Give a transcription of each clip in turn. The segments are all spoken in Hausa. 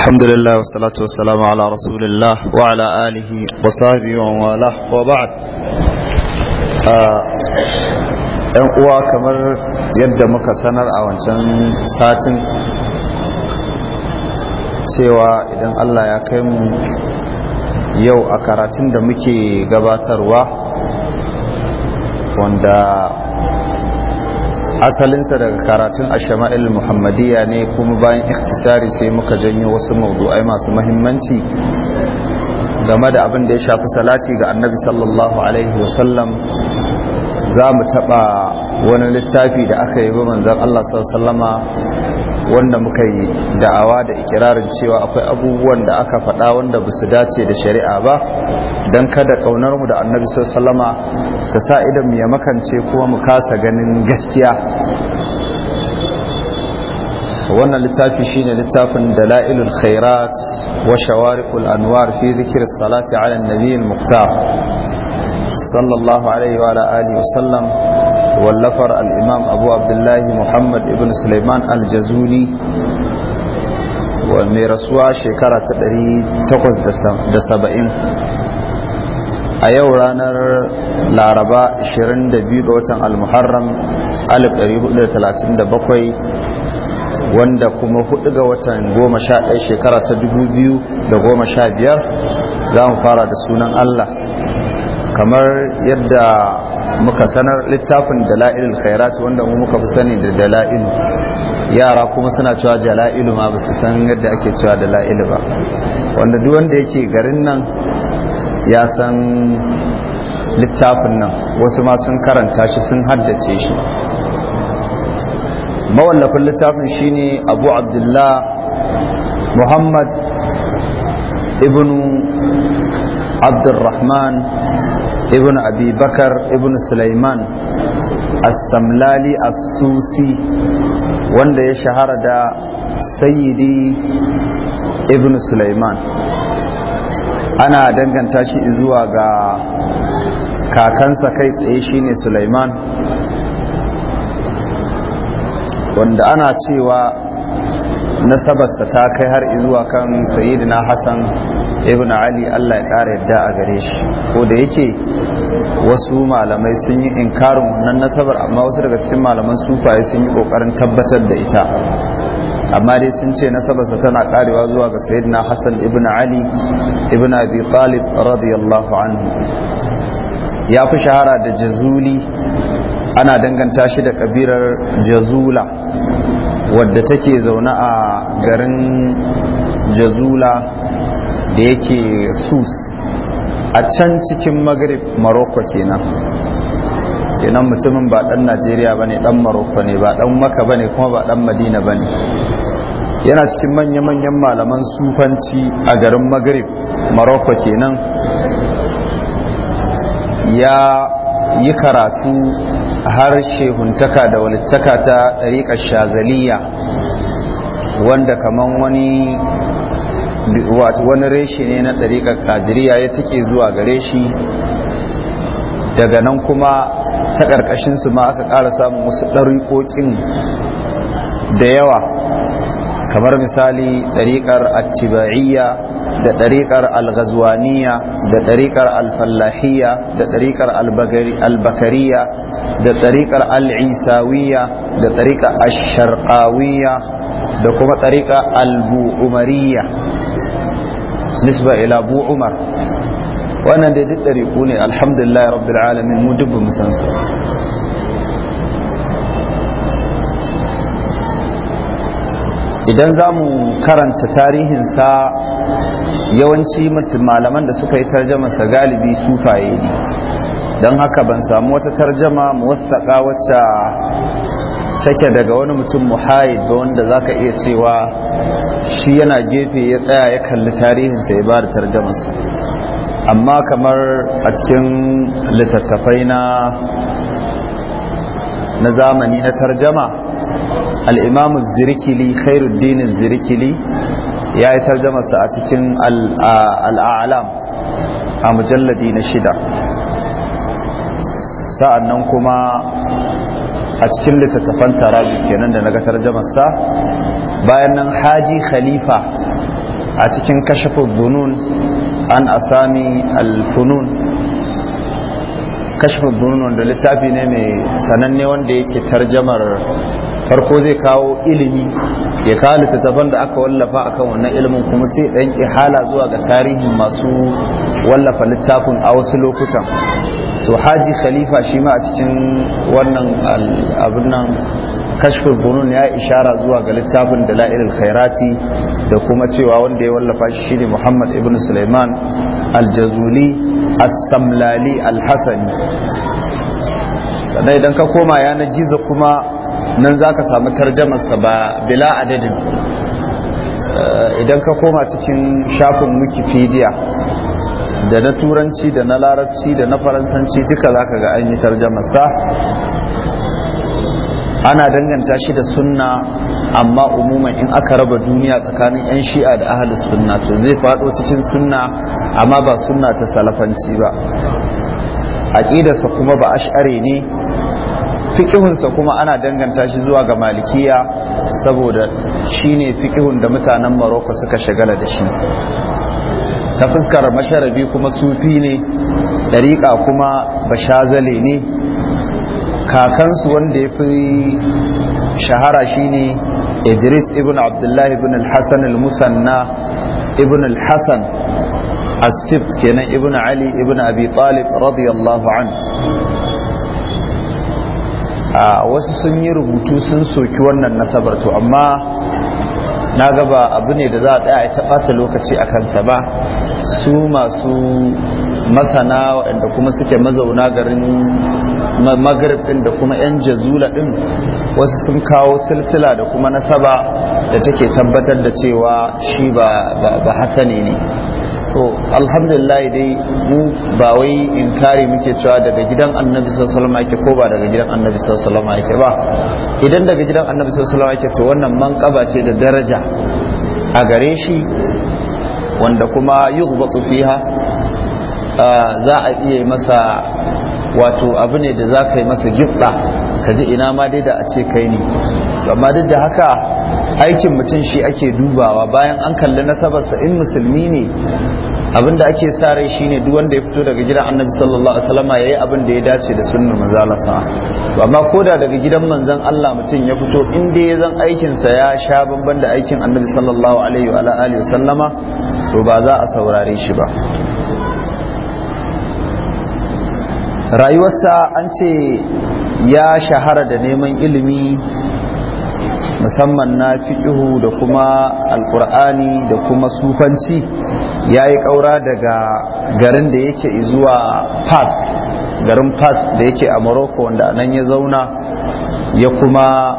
الحمد لله والصلاة والسلام على رسول الله وعلى آله وصحبه ومن وبعد ‘yan uwa kamar yadda muka sanar a wancan satin cewa idan Allah ya kai mu yau a karatun da muke gabatarwa wanda asalinsa daga karatun ashama'il muhammadiyya ne kuma bayan iktisari sai muka janyo wasu mawdu'ai masu mahimmanci game da abin da ya shafi salati ga annabi sallallahu alaihi wasallam za mu taɓa wani littafi da aka yi manzan Allah sallama wanda muka yi da'awa da ikirarin cewa akwai abubuwan da aka faɗa wanda ba su dace da shari'a ba don kada ƙaunarmu da annabi sallama ta sa idan mu ya makance kuma mu kasa ganin gaskiya wannan littafi shine littafin dala'ilul khairat wa shawarikul anwar fi zikir salati ala an sallallahu alaihi wa alihi wa sallam wallafar al'imam abu abdullahi muhammad ibn suleiman aljazuli mai rasuwa shekara ta 870 a yau ranar laraba 22 ga watan almuharram 1437 wanda kuma 4 ga watan 11 shekara ta 2015 za mu fara da sunan allah kamar yadda muka sanar littafin Dala'il khairat wanda mu muka fi sani da Dala'il yara kuma suna cewa jala'ilu ma ba su san yadda ake cewa dala'ilu ba wanda duk wanda yake garin nan ya san littafin nan wasu ma sun karanta shi sun haddace shi mawallafin littafin shine abu abdullah muhammad ibnu abdurrahman ibn Abibakar ibn sulaiman as-samlali as-susi wanda ya shahara da sayidi ibn sulaiman ana danganta shi zuwa ga kakansa kai tsaye shine sulaiman wanda ana cewa nasabarsa ta kai har zuwa kan sayidina hassan ibn ali allah ya ƙara yadda a gare shi ko da yake wasu malamai sun yi inkarin wannan nasabar amma wasu daga cikin malaman sufaye sun yi kokarin tabbatar da ita amma dai sun ce nasabarsa tana karewa zuwa ga sayyidina hassan ibn ali ibn abi talib radiyallahu anhu ya fi shahara da jazuli ana danganta shi da kabirar jazula wadda take zaune a garin jazula da yake sus a can cikin maghrib maroko kenan kenan mutumin ba dan najeriya ba ne dan maroko ne ba ɗan maka ba ne kuma ba dan madina ba ne yana cikin manya-manyan malaman sufanci a garin maghrib maroko kenan ya yi karatu har shehuntaka da walittaka ta ɗariƙar shazaliya wanda kaman wani wani reshe ne na tsarikar kajiriya ya take zuwa gare shi daga nan kuma ta ƙarƙashinsu ma aka ƙara samun wasu ɗariƙoƙin da yawa kamar misali ɗariƙar attiba'iyya da ɗariƙar alghazwaniya da ɗariƙar alfallahiyya da ɗariƙar albakariya da ɗariƙar al'isawiya da ɗariƙar asharƙawiyya da kuma ɗariƙar albu'umariya. nisba ila bu umar wannan dai duk ɗariƙu ne alhamdulillah rabbil alamin mu duk musan su idan zamu mu karanta sa yawanci malaman da suka yi sa galibi sufaye ne don haka ban samu wata tarjama muwassaka wacce take daga wani mutum muhayid ba wanda za ka iya cewa shi yana gefe ya tsaya ya kalli tarihinsa ya ba da tarjamansa amma kamar a cikin littattafai na zamani na tarjama al'imamu zirikili khairuddin zirikili ya yi tarjamarsa a cikin al'alam a mujalladi na shida sa'an nan kuma a cikin littattafan taraji kenan da na ga tarjamarsa bayan nan haji khalifa a cikin kashafin dunun an asami alfunun kashafin dunun wanda littafi ne mai sananne wanda yake tarjamar farko zai kawo ilimi ya kawo littattafan da aka wallafa akan wannan ilimin kuma sai ɗan ihala zuwa ga tarihin masu wallafa littafin a wasu lokutan to haji khalifa shi ma a cikin wannan abin nan kashfin bunun ya ishara zuwa ga littafin da la'irin khairati da kuma cewa wanda ya wallafa shi shine muhammad ibn suleiman aljazuli assamlali alhassani sannan idan ka koma yanar gizo kuma nan za ka samu tarjamarsa ba bila adadin eh, idan ka koma cikin shafin wikipedia da na turanci da na larabci da na faransanci duka za ka ga an yi tarjamasa ana danganta shi da sunna amma umuman in aka raba duniya tsakanin 'yan shi'a da ahalus sunna to zai faɗo cikin sunna amma ba sunna ta salafanci ba aƙidarsa kuma ba ash'are ne Fiƙihunsa kuma ana danganta shi zuwa ga malikiya saboda shine fiƙihun da mutanen maroko suka shagala da shi ta fuskar masharabi kuma sufi ne ɗariƙa kuma bashazale ne kakansu wanda ya fi shahara shine idris ibn abdullahi ibn al-hassan al-musanna ibn al-hassan as-sibt kenan ibn ali ibn abi talib radiyallahu anhu a wasu sun yi rubutu sun soki wannan nasabar to amma na gaba abu ne da za a tsaya ta ɓata lokaci a kansa ba su masu masana waɗanda kuma suke mazauna garin magrib ɗin da kuma 'yan jazula ɗin wasu sun kawo silsila da kuma nasaba da take tabbatar da cewa shi ba hasane ne to alhamdulillah dai mu ba wai inkari muke cewa daga gidan annabi sallallahu alaihi wasallam ko ba daga gidan annabi sallallahu alaihi wasallam ba idan daga gidan annabi sallallahu alaihi wasallam to wannan manqaba ce da daraja a gare shi wanda kuma yi hubatu fiha za a iya masa wato abu ne da za ka yi masa gifta ka ji ina ma dai da a ce kai ne amma duk da haka aikin mutum shi ake dubawa bayan an kalli nasabarsa in musulmi ne abin da ake sa rai shine duk wanda ya fito daga gidan annabi sallallahu alaihi wasallama yayi abin da ya dace da sunnar manzon sa to amma koda daga gidan manzon Allah mutum ya fito in dai ya zan aikin sa ya sha bamban da aikin annabi sallallahu alaihi wa alihi wasallama to ba za a saurare shi ba rayuwarsa an ce ya shahara da neman ilimi musamman na fiqhu da kuma alqur'ani da kuma sufanci ya yi ƙaura daga garin da yake zuwa fas garin fas da yake a morocco wanda nan ya zauna ya kuma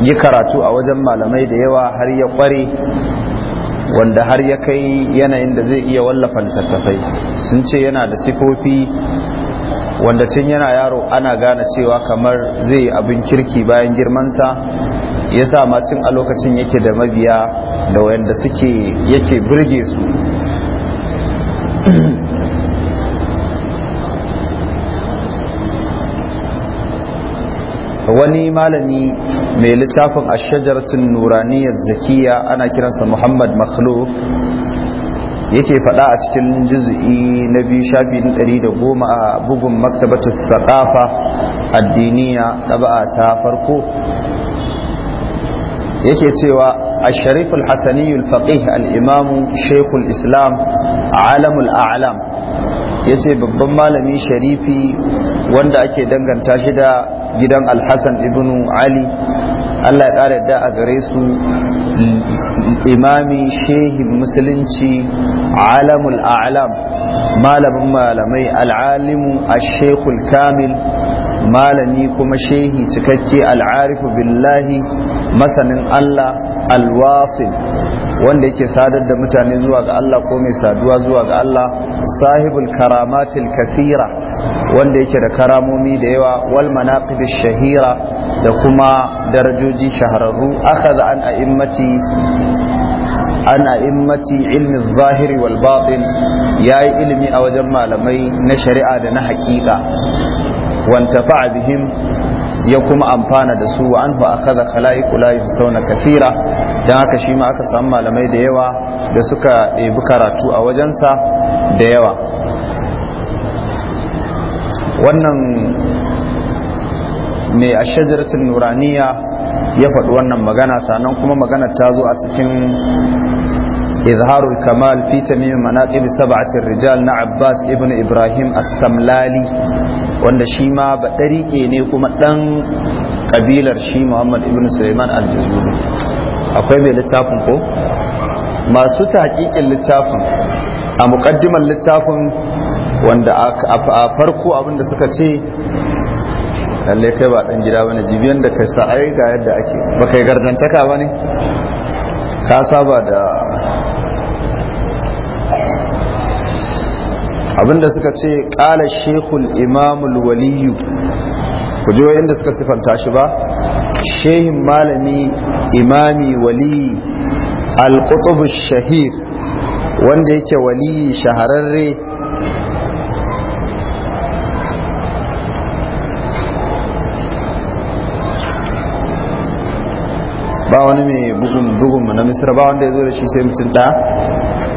yi karatu a wajen malamai da yawa har ya kware. wanda har ya kai yanayin da zai iya wallafa littattafai sun ce yana da sifofi wanda tun yana yaro ana gane cewa kamar zai yi abin kirki bayan girmansa ya sa macin a lokacin yake da mabiya da wanda suke yake birge su wani malami mai littafin a ashajaratun nuraniyar zakiya ana kiransa muhammad makhluf yake fada a cikin juz'i na biyu shafi goma a bugun maktabatar saƙafa addiniya ɗab'a ta farko yake cewa al الحسني الفقيه الإمام islam الإسلام عالم الأعلام yace babban malami sharifi wanda ake danganta shi da gidan alhassan Ibnu ali allah ya ƙara da a gare su imami shehin musulunci alamul a'lam malamin malamai al'alimu a shekul kamil malami kuma shehi cikakke al'arifu billahi masanin Allah alwasil wanda yake sadar da mutane zuwa ga Allah ko mai saduwa zuwa ga Allah sahibul karamatil kathira wanda yake da karamomi da yawa wal manaqibish shahira da kuma darajoji shahararru akhadha an a'immati an a'immati ilmi zahiri wal batin yayi ilimi a wajen malamai na shari'a da na haƙiƙa wantafa'a bihim ya kuma amfana da su wa anhu akhadha khalaiqu la yusawna kathira dan haka shi ma aka samu malamai da yawa da suka ɗebi karatu a wajen sa da yawa wannan mai ashajaratul nuraniya ya faɗi wannan magana sannan kuma magana ta zo a cikin إظهار الكمال في تميم مناقب سبعة الرجال na Abbas ibnu Ibrahim السملالي wanda shi ma ba ɗariƙe ne kuma ɗan ƙabilar shi muhammad ibn suleiman al-jazuri akwai mai littafin ko masu taƙiƙin littafin a muƙaddimar littafin wanda a farko abinda suka ce lalle kai ba ɗan gida bane jibiyan da kai sa'ai ga yadda ake ba kai gardantaka ba ne ka saba da abinda suka ce kala shekul imamul waliyu ku ji inda suka sifanta shi ba shehin malami imami al alƙutubu shahir wanda yake wali shahararre ba wani mai bugun bugun na misira ba wanda ya zo da shi sai mutum ɗaya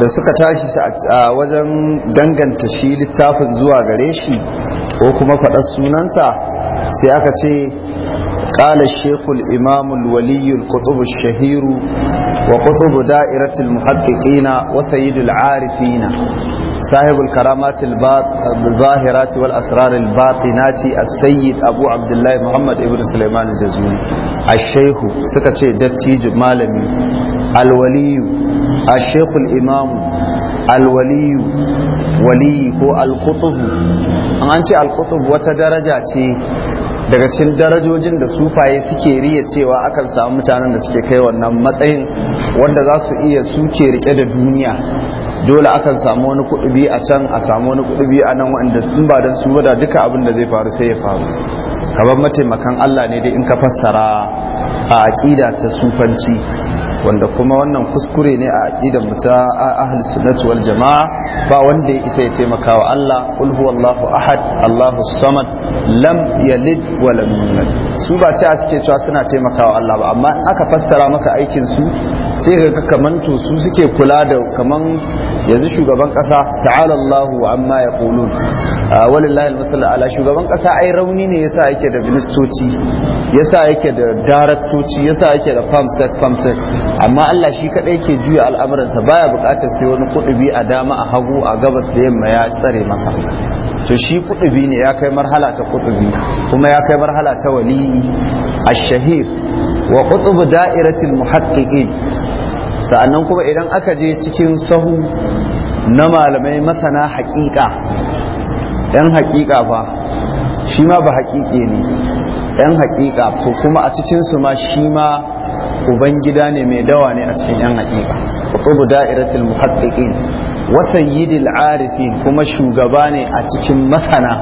da suka tashi a wajen danganta shi littafin zuwa gare shi ko kuma faɗa sunansa sai aka ce ƙala shekul imamul waliyul ƙutubu shahiru wa ƙutubu da'iratul muhaqqiqina wa sayyidul arifina sahibul karamatil bahirati wal asraril batinati as-sayyid abu abdullahi muhammad ibnu sulaiman jazuri ash-shaykh suka ce dattijo malami al الشيخ الإمام الولي ولي هو القطب أنت القطب وتدرجة daga cikin darajojin da sufaye suke riya cewa akan samu mutanen da suke kai wannan matsayin wanda za su iya suke rike da duniya dole akan samu wani kudubi a can a samu wani kudubi a nan wanda sun ba da su da duka abin da zai faru sai ya faru kamar mataimakan Allah ne dai in ka fassara a aƙida ta sufanci wanda kuma wannan kuskure ne a aqidar mu a ahlus sunnati wal jamaa ba wanda ya isa ya taimaka wa Allah qul huwallahu ahad Allahu samad lam yalid wa lam yulad su ba ta suke cewa suna taimaka wa Allah ba amma aka fassara maka aikin su sai ga kaman to su suke kula da kaman yanzu shugaban kasa ta'ala Allahu amma yaqulun walillahi almasal ala shugaban kasa ai rauni ne yasa yake da ministoci yasa yake da daraktoci yasa yake da farm set farm set amma Allah shi kadai yake juya al'amuransa baya bukatar sai wani kudubi a dama a hagu a gabas da yamma ya tsare masa to shi kudubi ne ya kai marhala ta kudubi kuma ya kai marhala ta wali ash-shahir wa qutub da'iratil muhaqqiqin sa'annan kuma idan aka je cikin sahu na malamai masana haƙiƙa ɗan haƙiƙa ba shi ma ba haƙiƙe ne ɗan haƙiƙa ko kuma a cikinsu ma shi ma ubangida ne mai dawa ne a cikin ɗan haƙiƙa kutubu da'iratul muhaqqiqin wa sayyidil arifin kuma shugaba ne a cikin masana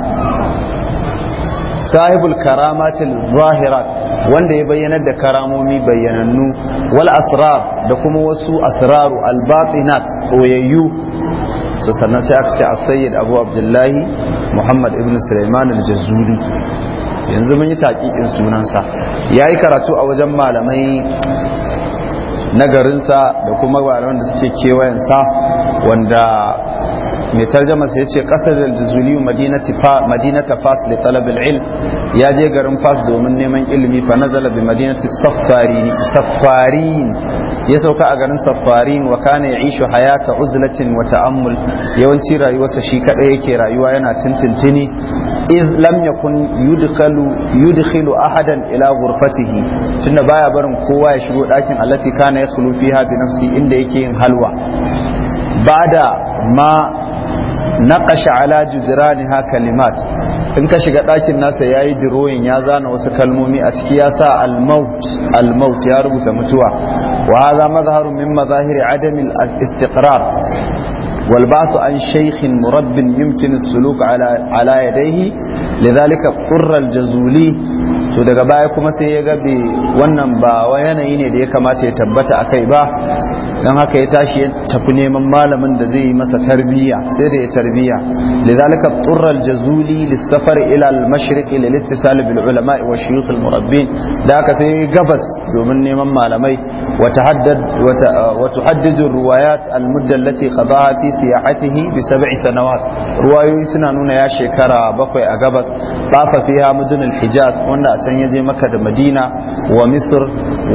sahibul karamatil zahirat wanda ya bayyana da karamomi bayyanannu wal asrar da kuma wasu asraru batinat oyayyu so sannan sai aka ce a sayyid abu abdullahi muhammad ibn sulaiman al yanzu mun yi taƙiƙin sunansa ya yi karatu a wajen malamai na garinsa da kuma malaman da suke kewayensa wanda mai tarjama sai ce kasar da jazuli madinata fas da talabin Ilm ya je garin fas domin neman ilimi fa nazala bi madinati safarin ya sauka a garin safarin wa kana ya'ishu hayata uzlatin wa ta'ammul yawanci rayuwarsa shi kada yake rayuwa yana tintintini iz lam yakun yudkhalu yudkhilu ahadan ila ghurfatihi tunda baya barin kowa ya shigo dakin allati kana yakhlu fiha bi nafsi inda yake yin halwa bada ma naqasha ala juzraniha kalimat in ka shiga ɗakin nasa ya yi diroyin ya zana wasu kalmomi a ciki ya sa almaut almaut ya rubuta mutuwa wa za mazharun min mazahiri adamil istiqrar wal basu an shaykhin murabbin yumkin suluk ala ala yadayhi lidhalika qurra al jazuli to daga baya kuma sai ya gabe wannan ba wa yanayi ne da ya kamata ya tabbata a kai ba don haka ya tashi ya tafi neman malamin da zai yi masa tarbiyya sai da ya tarbiyya lidhalika turra jazuli lissafar ila almashriq lil ittisal bil ulama wa shuyukh murabbin da haka sai gabas domin neman malamai wa tahaddad ruwayat tuhaddid riwayat al mudda qadaha fi siyahatihi bi sab'i sanawat ruwayoyi suna nuna ya shekara bakwai a gabas ba fa fiha mudun al hijaz wanda a can ya je maka da madina wa misr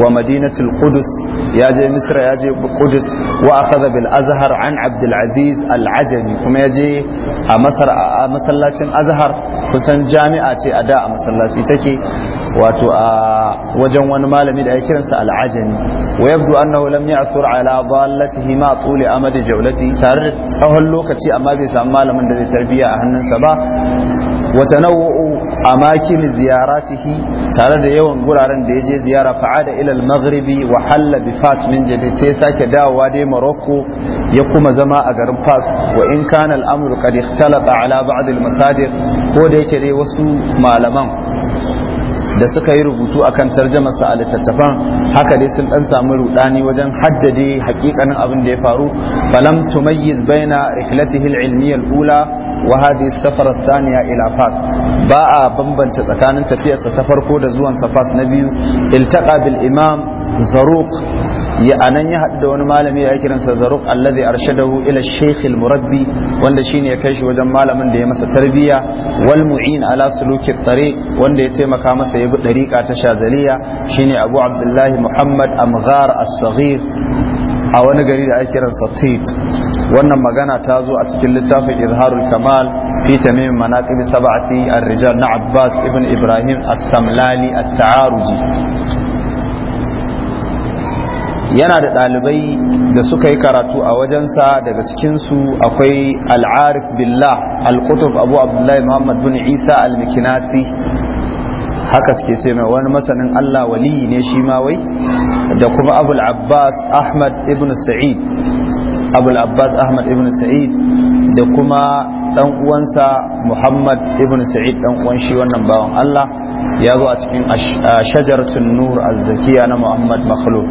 wa madinatul kudus ya je misira ya je kudus wa akhadha bil azhar an abdul aziz al ajami kuma ya je a masar a masallacin azhar kusan jami'a ce a da a masallaci take wato a wajen wani malami da ya kiransa al ajami wa yabdu annahu lam ya'thur ala dallatihi ma jawlati tare da tsawon lokaci amma bai samu malamin da zai tarbiya a hannunsa ba wa tanawwu ziyara ziyaratihi tare da yawan guraren da ya je ziyara fa'ada ilal maghribi wa halla bi fas min jabi sai sake dawowa dai marokko ya kuma zama a garin fas wa in kana al'amru qad ikhtalafa ala ba'd masadir ko da yake dai wasu malaman da suka yi rubutu akan tarjamar sa a littattafan haka dai sun dan samu rudani wajen haddade hakikanin abin da ya faru falam tumayyiz baina rihlatihi al-ilmiyya al-ula wa hadhihi as thaniya ila fas ba a bambanta tsakanin tafiyarsa ta farko da zuwan fas na biyu iltaqa bil imam zaruq ya anan ya haɗu da wani malami ya kiransa zaruf alladhi arshadahu ila shaykh murabbi wanda shine ya kai shi wajen malamin da ya masa tarbiyya wal mu'in ala suluki tare wanda ya taimaka masa ya bi dariƙa ta shazaliya shine abu abdullahi muhammad amghar as-saghir a wani gari da ake kiransa tit wannan magana ta zo a cikin littafin izharul kamal fi tamim manaqib sab'ati ar-rijal na abbas ibn ibrahim at-samlali at-ta'aruji yana da ɗalibai da suka yi karatu a wajensa daga cikinsu akwai al'arif billah al-qutub abu abdullahi muhammad bin isa al-mikinasi haka suke ce mai wani masanin allah wali ne shi ma wai da kuma abul abbas ahmad ibn sa'id abul abbas ahmad ibn sa'id da kuma dan uwansa Muhammad ibn Sa'id dan uwan shi wannan bawan Allah ya zo a cikin shajaratun nur zakiya na Muhammad Makhluq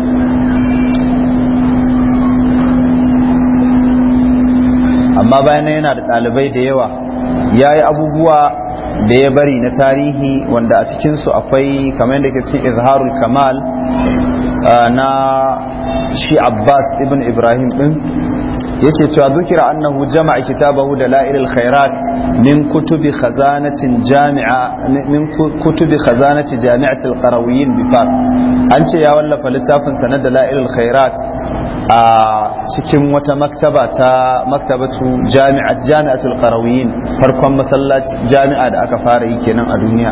amma bayan yana da ɗalibai da yawa ya yi abubuwa da ya bari na tarihi wanda a cikinsu akwai kamar yadda ke cikin izharul kamal na shi abbas ibn ibrahim ɗin yake cewa zukira annahu jama'a kitabahu da la'ilil khairat min kutubi khazanatin jami'a min kutubi khazanati jami'atil qarawiyyin bi fas an ce ya wallafa littafin sanad da la'ilil khairat a cikin wata maktaba ta maktabatu jami'at jami'atul qarawiyin farkon masallaci jami'a da aka fara yi kenan a duniya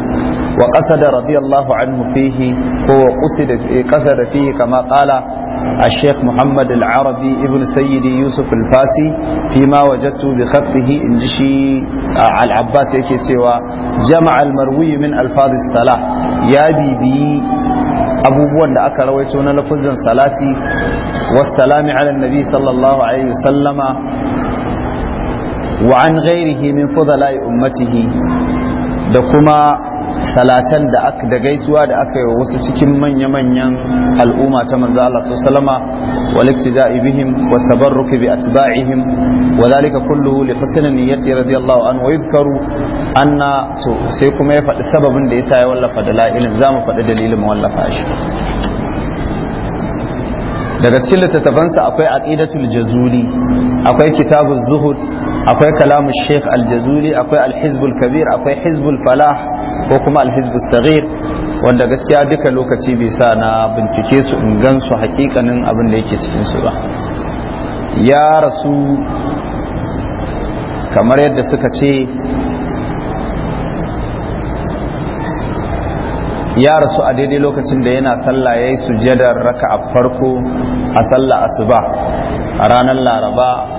wa qasada radiyallahu anhu fihi ko wa qasada qasada fihi kama qala a sheikh muhammad al-arabi ibn sayyidi yusuf al fima fi ma wajadtu bi khatihi in al-abbas yake cewa jama'a al-marwi min al-fadhi ya bibi abubuwan da aka rawaito na lafuzin salati wassalami ala nabi sallallahu alaihi wasallama wa an ghairihi min fudala'i ummatihi da kuma salatan da aka da gaisuwa da aka yi wa wasu cikin manya-manyan al'umma ta manzo Allah sallama wa liktida'i bihim wa tabarruki bi atba'ihim wa zalika kulluhu li husni niyyati radiyallahu anhu wa yadhkaru anna to sai kuma ya faɗi sababin da yasa ya wallafa dalailin zamu faɗi dalilin wallafa shi daga cikin littattafansa akwai aqidatul jazuli akwai kitabuz zuhud akwai kalamu sheikh al-jazuli akwai al-hizbul kabir akwai hizbul falah ko kuma al-hizbul saghir wanda gaskiya duka lokaci bai sa na bincike su in gan su hakikanin abin da yake cikin su ba ya rasu kamar yadda suka ce ya rasu a daidai lokacin da yana sallah ya yi sujadar raka a farko a sallah asuba a ranar laraba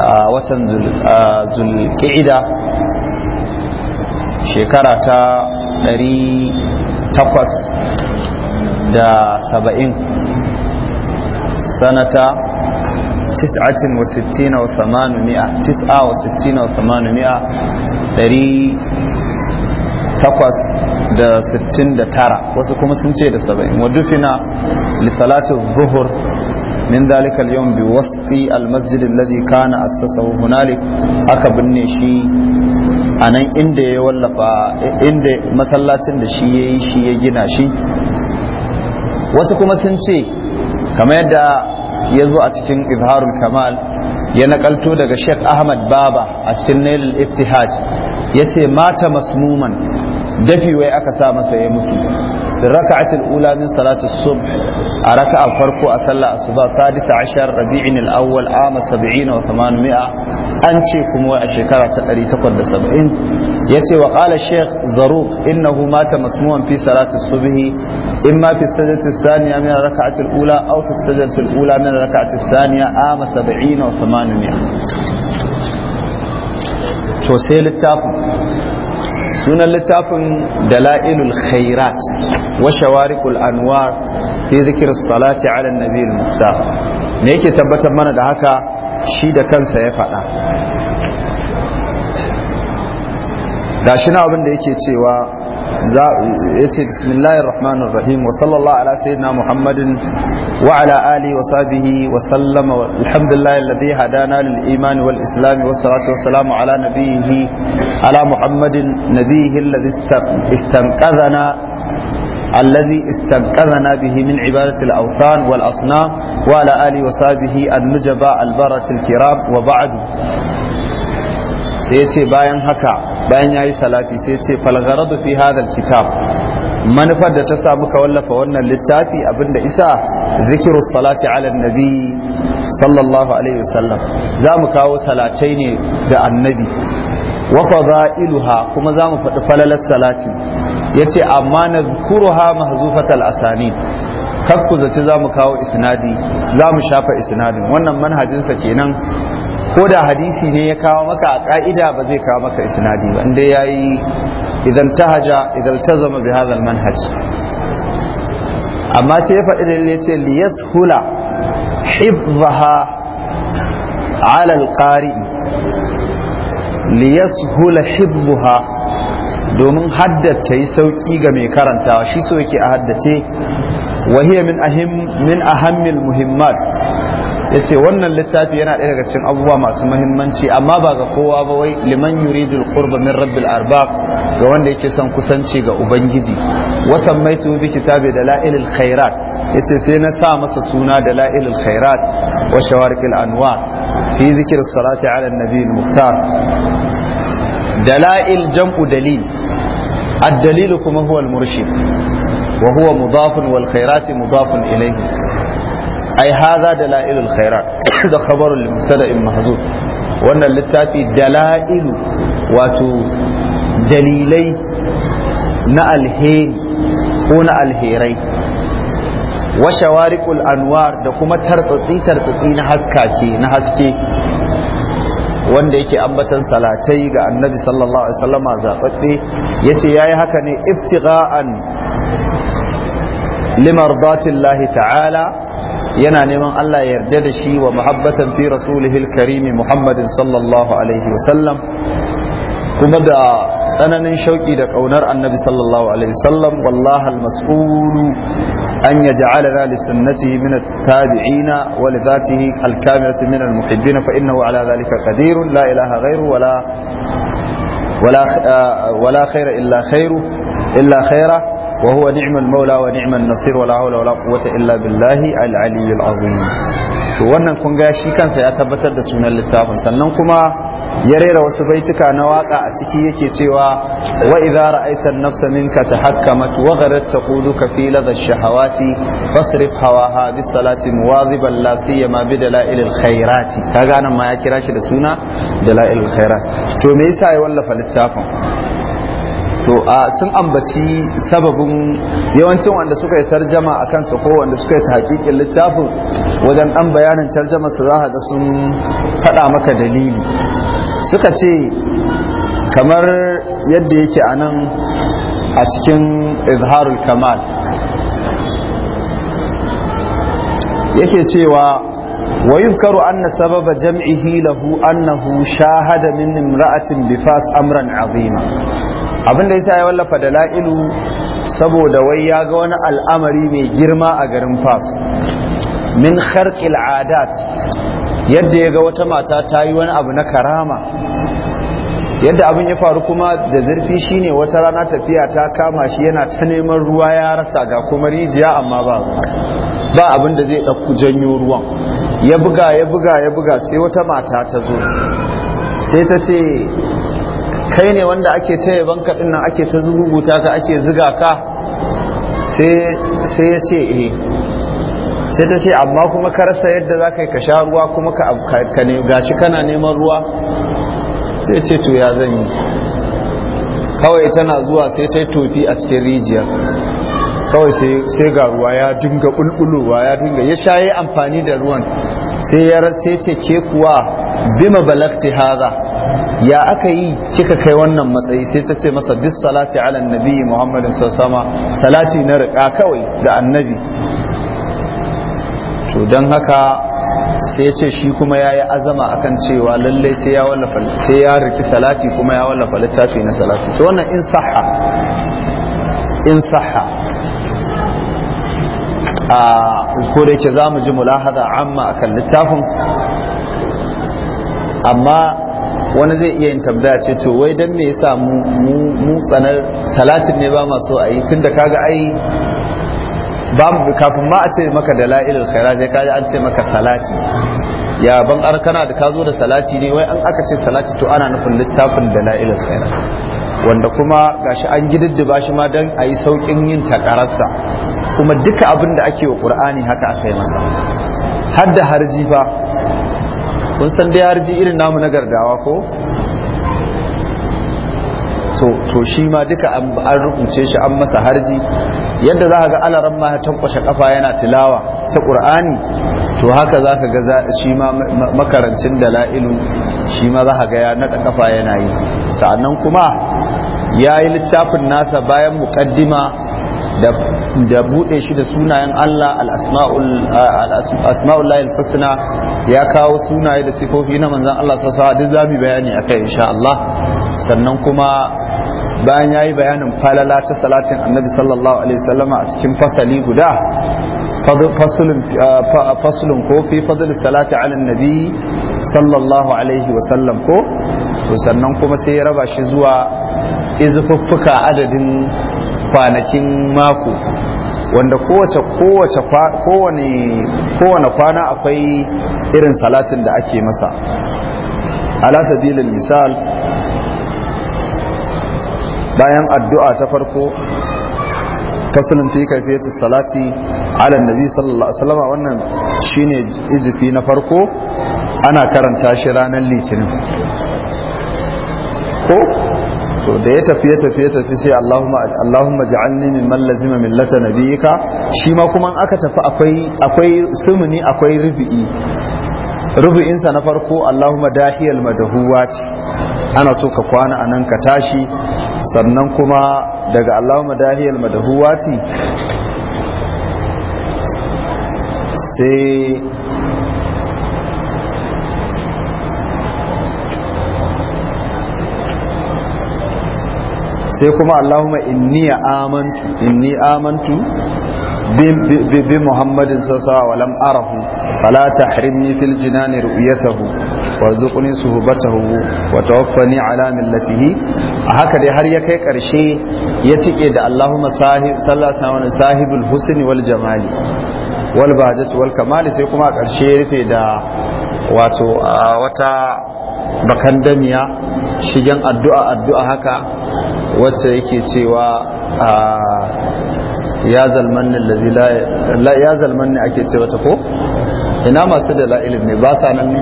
a watan zulki'ida shekara ta 870 sanata تسعة وستين takwas da sittin da tara wasu kuma sun ce da saba'in wa dufina li salatu zuhur min dalika al-yawm bi wasti al-masjid alladhi kana assasahu hunalik aka binne shi a nan inda ya wallafa inda masallacin da shi yayi shi ya gina shi wasu kuma sun ce kamar yadda ya zo a cikin izharul kamal ya nakalto daga sheikh ahmad baba a cikin nailul iftihaj yace mata masmuman dafi wai aka sa masa ya mutu fi raka'atul ula min salati subh a raka'a farko a sallah asuba sadisa ashar rabi'in al-awwal ama 70 wa mi'a an ce kuma wai a shekara ta da saba'in ya ce wa qala shaykh zaruq innahu mata masmu'an fi salati subhi imma fi sajdati saniya min raka'ati al-ula aw fi sajdati al-ula min raka'ati thaniya ama 70 wa 800 to sai littafin sunan littafin dala'ilul khairat wa shawarikul anwar fi zikir salati ala nabiyil Musa, me yake tabbatar mana da haka shi da kansa ya faɗa gashi na abin da yake cewa ya ce bismillahir rahmanir rahim wa sallallahu ala sayyidina muhammadin wa ala ali wa sahbihi wa sallama wa alhamdulillah alladhi hadana lil iman wal islam wa salatu wa ala nabiyhi ala muhammadin nabiyhi alladhi istanqadhana الذي استنقذنا به من عبادة الأوثان والأصنام وعلى آله وصحبه البرة الكرام وبعد سيتي باين هكا bayan ya yi salati sai ce falgaradu fi hadal kitab manufar da ta samu ka wallafa wannan littafi abinda isa zikiru salati ala nabi sallallahu alaihi wasallam za mu kawo salatai ne da annabi wa fadailuha kuma za mu faɗi falalar salati yace amma nazkuruha mahzufatal asani kakku zace za mu kawo isnadi za mu shafa isnadin wannan manhajinsa kenan ko da hadisi ne ya kawo maka a ka'ida ba zai kawo maka isnadi ba inda ya yi idan haja idan tazama bi hadha manhaj amma sai ya faɗi da ya ce liyashula hibbaha ala liyas hula hibbaha domin haddata yi sauƙi ga mai karantawa shi so yake a haddace wa min min ahammil muhimmat ya ce wannan littafi yana ɗaya daga cikin abubuwa masu mahimmanci amma ba ga kowa ba wai liman yuridul qurba min rabbil arbab ga wanda yake son kusanci ga ubangiji wasan maitubi bi kitabi da khairat yace sai na sa masa suna da la'ilil khairat wa shawarikil anwar fi zikir salati ala nabi muktar dala'il jam'u dalil الدليل كما wa huwa وهو مضاف والخيرات مضاف إليه ai haza dalailul khairat da khabarul in mahzuz wannan littafi dalailu wato dalilai na alheri ko na alherai wa shawariqul anwar da kuma tartsatsi tartsatsi na ce na haske wanda yake ambatan salatai ga annabi sallallahu alaihi wasallama zababbe yace yayi haka ne iftigha'an limardatillahi ta'ala yana neman Allah ya yarda da shi wa muhabbatan fi rasulihil karimi muhammadin sallallahu alaihi wasallam kuma da tsananin shauki da kaunar annabi sallallahu alaihi wasallam wallahi almas'ulu an yaj'alana li sunnatihi min at-tabi'ina wa li dhatihi al-kamilati min al-muhibbin fa innahu ala dhalika qadir la ilaha ghayru wala wala wala khayra illa khayru illa khayra وهو نعم المولى ونعم النصير ولا حول ولا قوة إلا بالله العلي العظيم to wannan kun ga shi kansa ya tabbatar da sunan littafin sannan kuma ya rera wasu baituka na waka a ciki yake cewa wa idza ra'aita an-nafsa minka tahakkamat wa gharat ka fi ladha ash-shahawati fasrif hawaha bi salati muwadiban la siyama bi dalail al-khairati kaga nan ma ya kira shi da suna dalail al-khairat to me yasa ya wallafa littafin to a sun ambaci sababin yawancin wanda suka yi tarjama a kansa ko wanda suka yi ta hakikin littafin wajen ɗan bayanin tarjama su za ga sun faɗa maka dalili suka ce kamar yadda yake a nan a cikin izharul kamal yake cewa ويذكر أن sababa جمعه له sha shahada من ra'atin bifas amran azima abin da yasa ya wallafa dala'ilu saboda wai ya ga wani al'amari mai girma a garin fas min kharqil adat yadda ya ga wata mata ta yi wani abu na karama yadda abin ya faru kuma da zurfi shine wata rana tafiya ta kama shi yana ta neman ruwa ya rasa ga kuma rijiya amma ba ba abin da zai ɗauku janyo ruwan ya buga ya buga ya buga sai wata mata ta zo sai ta ce kai ne wanda ake ta yaban ka nan ake ta zubuta ka ake ziga ka sai ya ce eh sai ta ce amma kuma ka rasa yadda za ka yi ka sha ruwa kuma ka gashi kana neman ruwa sai ce to ya zan yi kawai tana zuwa sai ta yi tofi a cikin rijiyar kawai sai ga ruwa ya dinga bulbulowa ya dinga ya sha yi amfani da ruwan sai ya ce ke kuwa bima balakti haza ya aka yi kika kai wannan matsayi sai ta ce masa bis salati ala nabi muhammadin sassama salati na riƙa kawai da annabi to don haka sai ce shi kuma ya yi azama akan cewa lallai sai ya wallafa sai ya riki salati kuma ya wallafa littafi na salati so wannan in sahha in sahha a ko da yake mu ji mulahaza amma akan littafin amma wani zai iya yin tambaya ce to wai dan me yasa mu mu tsanar salatin ne ba ma so yi tunda kaga ai ba kafin ma a ce maka dalailul khairat sai kaji an ce maka salati ya ban arkana da kazo da salati ne wai an aka ce salati to ana nufin littafin dalailul khairat wanda kuma gashi an gididdiba shi ma dan a yi saukin yin takararsa kuma duka abin da ake wa qur'ani haka aka yi masa hadda harji fa kun san dai harji irin namu na gardawa ko so to shi ma duka an rubuce shi an masa harji yadda za ka ga alaran ma ta kwashe kafa yana tilawa ta qur'ani to haka za ka ga shi ma makarancin dala'ilu shi ma za ka ga ya naɗa kafa yana yi sa'annan kuma ya yi littafin nasa bayan muƙaddima da buɗe shi da sunayen Allah al-asma'ul layil fusna ya kawo sunaye da sifofi na manzan Allah sassa duk za bayani a kai insha Allah sannan kuma bayan ya yi bayanin falala ta salatin annabi sallallahu alaihi wasallama a cikin fasali guda fasulun ko fi fasul salati ala nabi sallallahu alaihi wasallam ko sannan kuma sai ya raba shi zuwa izufuffuka adadin kwanakin mako wanda kowace kowace kowane kowane kwana akwai irin salatin da ake masa ala sabilin misal bayan addu'a ta farko kasalin fi salati ala nabi sallallahu alaihi wasallam wannan shine izifi na farko ana karanta shi ranar litinin ko to da ya tafi ya tafi ya tafi sai Allahumma Allahumma ja'alni mimman lazima millata nabiyyika shi ma kuma aka tafi akwai akwai sumuni akwai rubi'i rubi'in sa na farko Allahumma dahiyal madahuwati ana so ka kwana anan ka tashi sannan kuma daga Allahumma dahiyal madahuwati sai sai kuma Allahumma inni amantu inni amantu bi Muhammadin sallallahu wa lam arahu fala tahrimni fil jinani ru'yatahu warzuqni suhbatahu wa tawaffani ala millatihi haka dai har ya kai karshe ya tike da Allahumma sahib sallallahu alaihi sahibul husni wal jamali wal bahjati wal kamali sai kuma a karshe ya rufe da wato wata bakan damiya shigen addu'a addu'a haka wacce yake cewa ya zalmanni ya zalmanni ake ce wata ko ina masu da la'ilin ne ba sa nan ne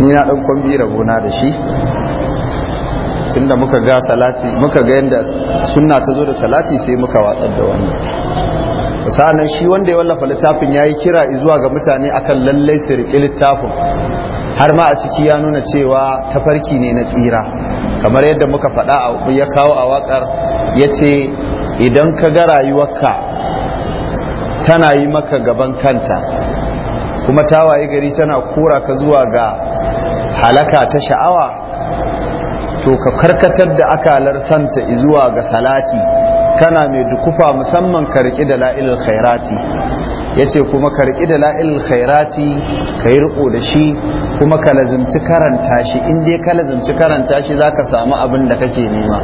ni na dan kwambi rabona da shi tun da muka ga salati muka ga yadda suna ta zo da salati sai muka watsar da wani sa'annan shi wanda ya wallafa littafin ya yi kira zuwa ga mutane akan lallai su riƙe littafin har ma a ciki ya nuna cewa tafarki ne na tsira kamar yadda muka faɗa ya kawo a wakar ya ce idan ka ga rayuwarka tana yi maka gaban kanta kuma ta tawaye gari tana kura ka zuwa ga halaka ta sha'awa to ka karkatar da akalar santa zuwa ga salati kana mai dukufa musamman ka riƙi da la'ilil khairati ya ce kuma karki da la'il khairati ka yi riko da shi kuma ka lazimci karanta shi in dai ka lazimci karanta shi za ka samu abin da kake nema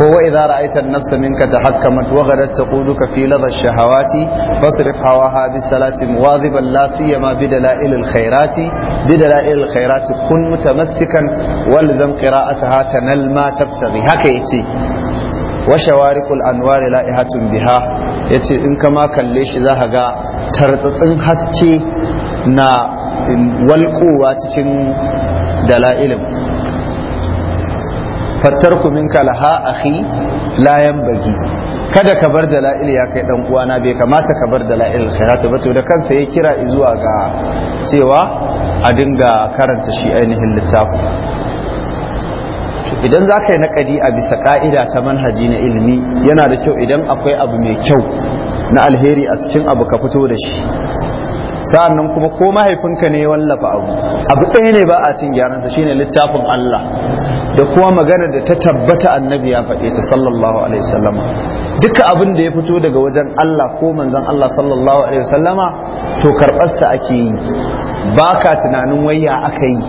ko wa idza ra'aita an-nafsa minka tahakkamat wa ghadat taquduka fi ladha ash-shahawati fasrif hawaha bis-salati muwadhiban la siyama bi dalail al-khairati bi dalail al-khairati kun mutamassikan walzam qira'ataha tanal ma tabtaghi haka yace wa shawarikul anwar la'ihatun biha yace in ka ma kalle shi za ga tartsatsin haske na walƙowa cikin dalailin fattarku minka laha akhi la yanbaghi kada ka bar dalail ya kai dan uwana bai kamata ka bar dalail khairat ba to da kansa ya kira zuwa ga cewa a dinga karanta shi ainihin littafin idan za ka yi naƙadi a bisa ƙa'ida ta manhaji na ilimi yana da kyau idan akwai abu mai kyau na alheri a cikin abu ka fito da shi sa'annan kuma ko mahaifinka ne ya wallafa abu abu ɗaya ne ba a cin gyaransa shine littafin Allah da kuma magana da ta tabbata annabi ya faɗe ta sallallahu alaihi wasallama duka abin da ya fito daga wajen Allah ko manzon Allah sallallahu alaihi wasallama to karɓar ta ake yi ba ka tunanin waya aka yi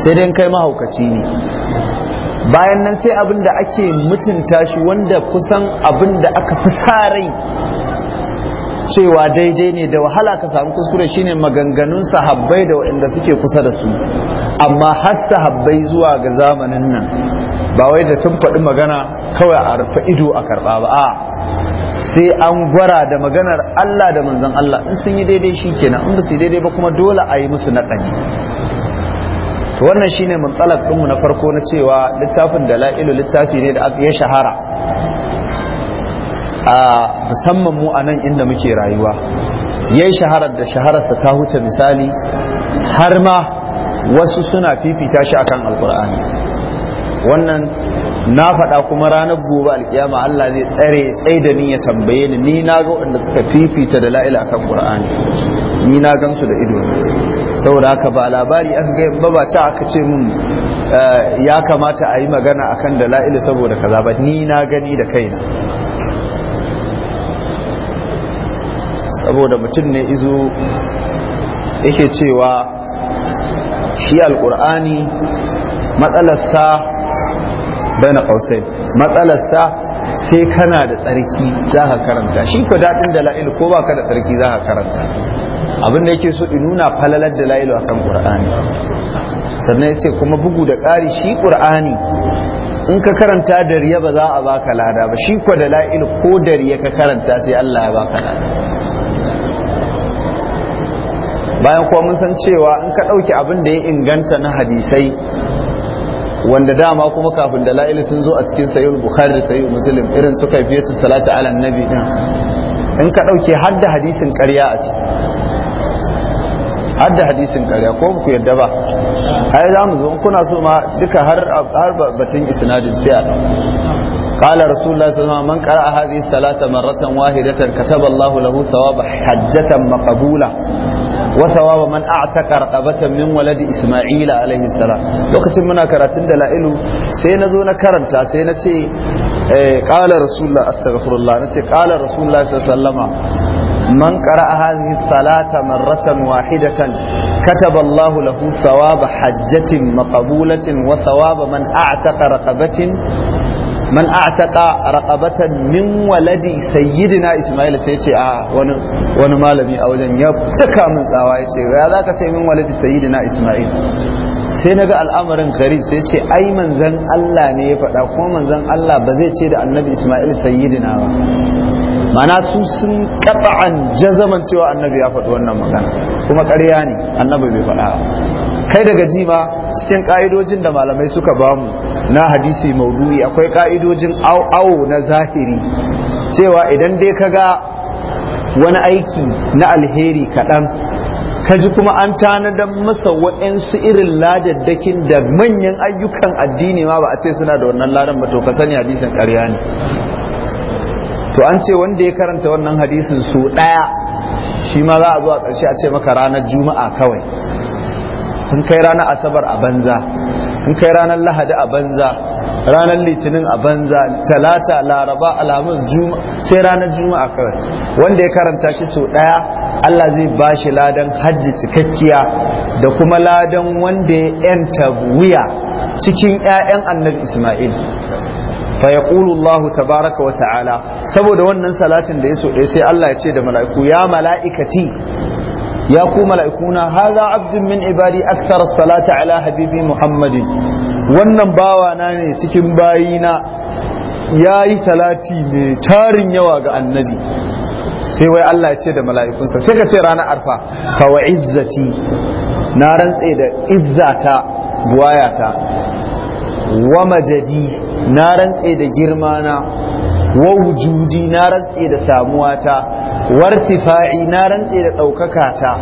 sai dai kai mahaukaci ne bayan nan sai abin da ake mutunta shi wanda kusan abin da aka fi sa rai cewa daidai ne da wahala ka samu kuskure shine maganganun sahabbai da waɗanda suke kusa da su amma har sahabbai zuwa ga zamanin nan ba wai da sun faɗi magana kawai a rufe ido a karɓa ba a sai an gwara da maganar Allah da manzon Allah in sun yi daidai shi kenan in ba su daidai ba kuma dole a yi musu naɗani to wannan shine muntalaq dinmu na farko na cewa littafin dalailu littafi ne da ya shahara a musamman mu a nan inda muke rayuwa ya shaharar da shahararsa ta huce misali har ma wasu suna fifita shi akan alkur'ani wannan na faɗa kuma ranar gobe alkiyama Allah zai tsare tsai da ni ya tambaye ni ni na ga waɗanda suka fifita da la'ila akan qur'ani ni na gansu da ido saboda haka ba labari an ga ba ba aka ce mun eh, ya kamata a yi magana akan dala'il saboda kaza ba ni na gani da kaina saboda mutum ne izo yake cewa shi alkur'ani matsalarsa bai na matsalarsa sai kana da tsarki za ka karanta shi ku daɗin dala'il ko ba ka da tsarki za ka karanta abin da yake so in nuna falalar da lailu akan Kur'ani. sannan ya ce kuma bugu da ƙari shi qur'ani in ka karanta dariya ba za a baka lada ba shi kwa da la'ilu ko dariya ka karanta sai Allah ya baka lada bayan kuwa mun san cewa in ka ɗauki abin da ya inganta na hadisai wanda dama kuma kafin da La'il sun zo a cikin sayul bukhari da sayin musulun irin suka fiye su salatu ala nabi din in ka ɗauke har da hadisin karya a ciki har da hadisin karya ko ku yarda ba ai za mu zo kuna so ma duka har har batun isnadin sai a قال رسول الله صلى الله عليه وسلم من قرأ هذه الصلاة مرة واحدة كتب الله له ثواب حجة مقبولة وثواب من أعتق رقبة من ولد إسماعيل عليه السلام لوكتن منا كراتن دلائل سينزون كرنتا سينتي قال رسول الله استغفر الله قال رسول الله صلى الله من قرأ هذه الصلاة مرة واحدة كتب الله له ثواب حجة مقبولة وثواب من أعتق رقبة من أعتق رقبة من ولد سيدنا إسماعيل سيتي آه ونمالمي أولا يبتكى من سوايتي وذاك من ولد سيدنا إسماعيل sai na ga al'amarin garib sai ce ai manzan Allah ne ya faɗa ko manzan Allah ba zai ce da annabi Ismail sayyidina ba mana su sun an jazaman cewa annabi ya faɗi wannan magana kuma ƙarya ne annabi bai faɗa kai daga ji ma cikin ƙa'idojin da malamai suka bamu na hadisi maudu'i akwai ƙa'idojin awo na zahiri cewa idan dai ka ga wani aiki na alheri kaɗan ka ji kuma an tanadar masa waɗansu irin ladaddakin da manyan ayyukan addini ma ba a ce suna da wannan ladan ba to ka sani hadisin ƙarya ne to an ce wanda ya karanta wannan hadisin su ɗaya shi ma za a zo a ƙarshe a ce maka ranar juma'a kawai in kai ranar asabar a banza in kai ranar lahadi a banza ranar litinin a banza talata laraba alhamis sai ranar juma'a kawai wanda ya karanta shi sau ɗaya allah zai ba shi ladan hajji cikakkiya da kuma ladan wanda ya yanta wuya cikin 'ya'yan annabi isma'il fa yaqulu Allah tabaraka wa ta'ala saboda wannan salatin da ya so dai sai Allah ya ce da mala'iku ya mala'ikati ya ku mala'ikuna hadha abdun min ibadi aksar salata ala habibi muhammadin wannan bawa na ne cikin bayina ya yi salati mai tarin yawa ga annabi sai wai Allah ya ce da mala'ikunsa sai ka ce ranar arfa fa wa izzati na rantse da izzata buwayata wa majadi na rantse da girma na wa wujudi na rantse da samuwata wartifa'i na rantse da ɗaukaka ta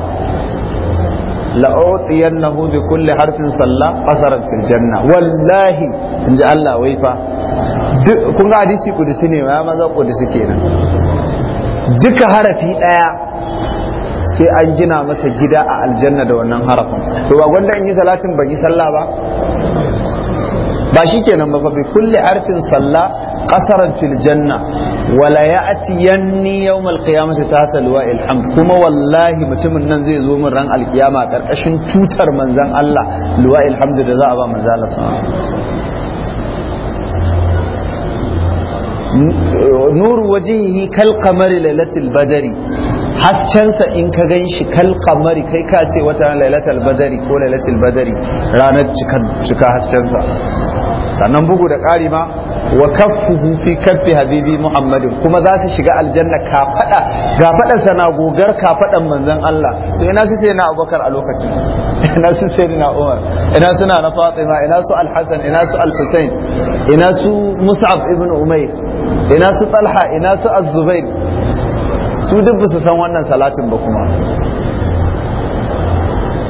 na bi kulli harfin salla qasaran fil janna wallahi inji Allah wai fa kun ga hadisi kudisi ne ma maza kudisi kenan duka harafi daya sai an gina masa gida a aljanna da wannan harafin to ba gwanda in yi salatin ban yi sallah ba ba shi kenan ba bi kulli harfin salla qasaran fil janna wala ya'tiyanni yawm al qiyamati tahta liwa al kuma wallahi mutumin nan zai zo min ran alkiyama qiyama karkashin tutar Allah liwa da za a ba manzon Allah sallallahu nuru wajihi kal qamari lailatul badari. haskensa in ka gan shi kal kamari kai ka ce wata lailatul badari ko lailatul badari ranar cika haskensa sannan bugu da ƙari ma wa kaffuhu fi kaffi habibi muhammadin kuma za su shiga aljanna ka fada ga fadan sana gogar ka fadan manzon Allah to ina su sai na Abubakar a lokacin ina su sai na Umar ina suna na Fatima ina su alhasan ina su alhusain ina su Mus'ab ibnu Umayr ina su Talha ina su Az-Zubair su duk su san wannan salatin ba kuma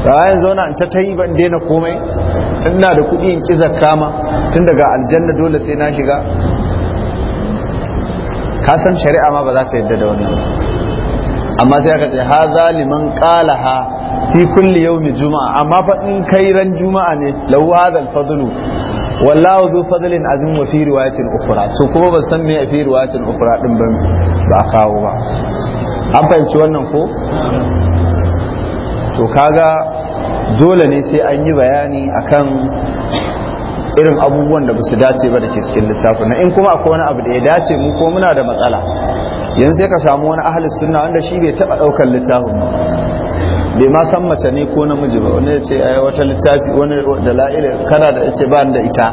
bayan zauna in ta ta yi ban daina komai ina da kuɗi in ƙiza kama tun daga aljanna dole sai na shiga ka san shari'a ma ba za ta yadda da wannan amma sai aka ce ha zaliman ƙala ha fi kulli yawmi juma'a amma faɗin kai ran juma'a ne lauwa hadha al-fadlu wallahu zu fadlin azim wa fi riwayatin ukhra so kuma ba san me fi riwayatin ukhra din ba ba kawo ba an fahimci wannan ko to kaga dole ne sai an yi bayani akan irin abubuwan da su dace ba da ke cikin littafin na in kuma akwai wani abu da ya dace mu ko muna da matsala yanzu sai ka samu wani ahalis sunna wanda shi bai taba daukar littafin ba bai ma san mace ne ko namiji ba wani ya ce ai wata littafi wani da la'ila kana da ba da ita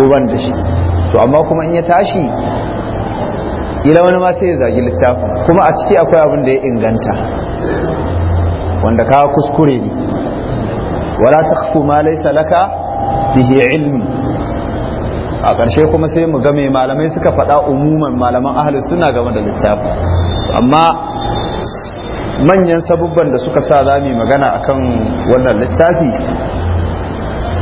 ko ban da shi to amma kuma in ya tashi kila wani ma sai ya zagi littafin kuma a ciki akwai abin da ya inganta wanda ka kuskure ne wala ta ma laisa laka bihi ilmi a ƙarshe kuma sai mu game malamai suka faɗa umuman malaman ahalin suna game da littafin amma manyan sabubban da suka sa za magana akan wannan littafi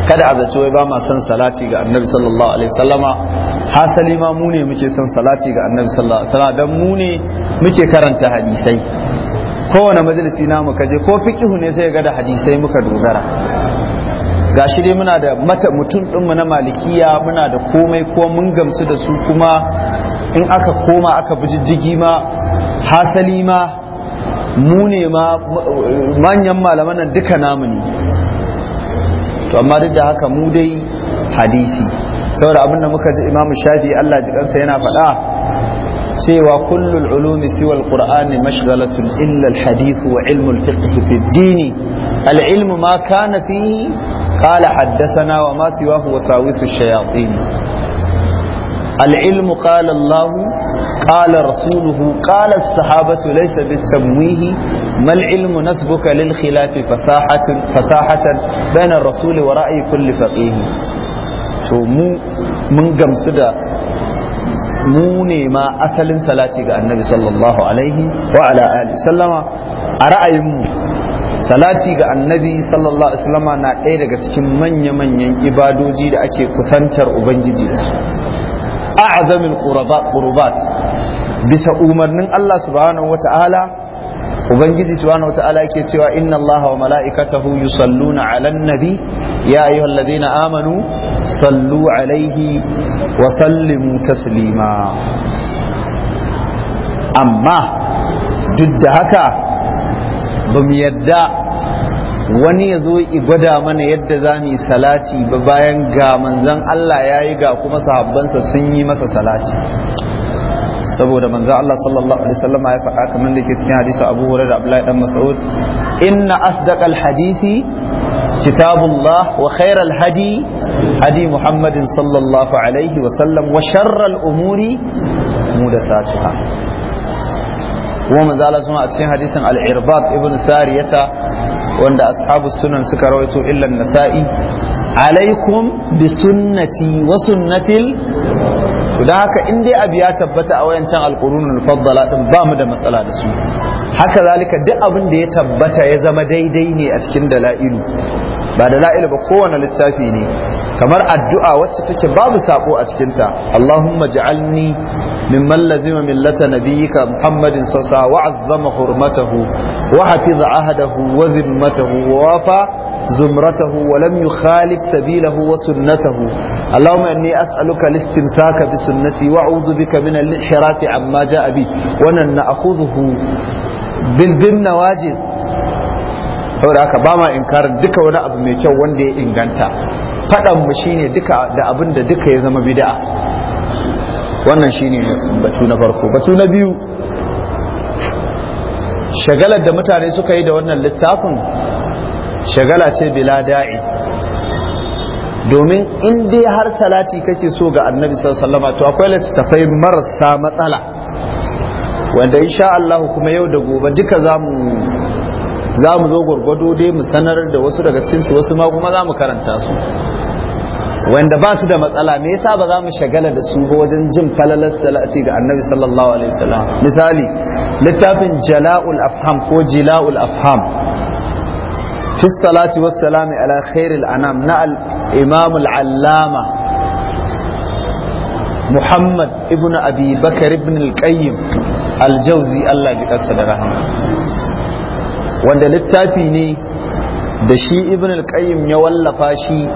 kada a zaci wai ba ma son salati ga annabi sallallahu alaihi sallama hasali ma mu ne muke son salati ga annabi sallallahu alaihi wasallam dan mu ne muke karanta hadisai kowane majalisi namu kaje ko fiqihu ne sai ga da hadisai muka dogara gashi dai muna da mata mutum ɗinmu na malikiya muna da komai ko mun gamsu da su kuma in aka koma aka bijiddigi ma hasali ma mu ne ma manyan malaman nan duka namu ne to amma duk da haka mu dai hadisi saboda abin da muka ji imamu shafi Allah ji kansa yana faɗa cewa kullul ulumi siwa alqur'ani mashghalatun illa alhadith wa ilmu alfiqh fi ad-din alilmu ma kana fi qala haddathana wa ma siwahu wasawisu ash-shayatin العلم قال الله قال رسوله قال الصحابة ليس nasbuka lil-khilaf fasahatan fasahatan bayna ar بين wa ra'yi kulli faqih to mu mun gamsu da mu ne ma asalin salati ga annabi sallallahu alaihi wa ala alihi sallama a ra'ayinmu salati ga annabi sallallahu alaihi sallama na ɗaya daga cikin manya-manyan ibadoji da ake kusantar ubangiji da su a'azamil qurbat bisa umarnin Allah subhanahu wata'ala ubangiji subhanahu wataala yake cewa inna allaha wa mala'ikatahu yusalluna 'alan nabi ya na amanu sallu 'alaihi wa sallimu taslima amma duk da haka ba mu yadda wani ya zo gwada mana yadda za mu yi salati ba bayan ga manzon Allah ya yi ga kuma sahabbansa sun yi masa salati saboda manzo Allah sallallahu alaihi wasallam ya faɗa kaman da ke cikin hadisi Abu Hurairah da Abdullahi dan Mas'ud inna asdaqal hadisi kitabullah wa khairal hadi hadi Muhammadin sallallahu alaihi wasallam wa sharral umuri mudasatuha kuma manzo Allah a cikin hadisin al-Irbad ibn Sariyata wanda ashabu sunan suka rawaito illa nasa'i alaikum bi sunnati wa sunnatil to da haka in dai abu ya tabbata a wayancan alqurunul mufaddala din ba mu da matsala da su haka zalika duk abin da ya tabbata ya zama daidai ne a cikin dala'ilu ba dala'ilu ba kowane littafi ne kamar addu'a wacce take babu saƙo a cikinta Allahumma ja'alni mimman lazima millata nabiyyika Muhammadin sassa wa azzama hurmatahu wa hafiza ahadahu wa zimmatahu wa wafa zumratahu wa lam yukhalif sabilahu wa sunnatahu Allahumma inni as'aluka listimsaka bi sunnati wa a'udhu bika min al-inhirafi amma ja'a bi wannan na'khudhuhu bil bin nawajid saboda haka ba ma inkarin duka wani abu mai kyau wanda ya inganta faɗanmu shine duka da abin da duka ya zama bid'a wannan shine batu na farko batu na biyu shagalar da mutane suka yi da wannan littafin shagala ce bila da'i domin in dai har salati kake so ga annabi sallallahu alaihi to akwai littattafai marasa matsala wanda insha Allah kuma yau da gobe duka zamu za mu zo gwargwado dai mu sanar da wasu daga su wasu ma kuma za mu karanta su wanda ba su da matsala me yasa ba za mu shagala da su ba wajen jin falalar salati ga annabi sallallahu alaihi wasallam misali littafin jala'ul afham ko jila'ul afham fi salati was salami ala khairil anam na al imam al allama muhammad ibn abi bakr ibn al qayyim al jawzi allah ya da rahama wanda littafi ne da shi ibn al-qayyim ya wallafa shi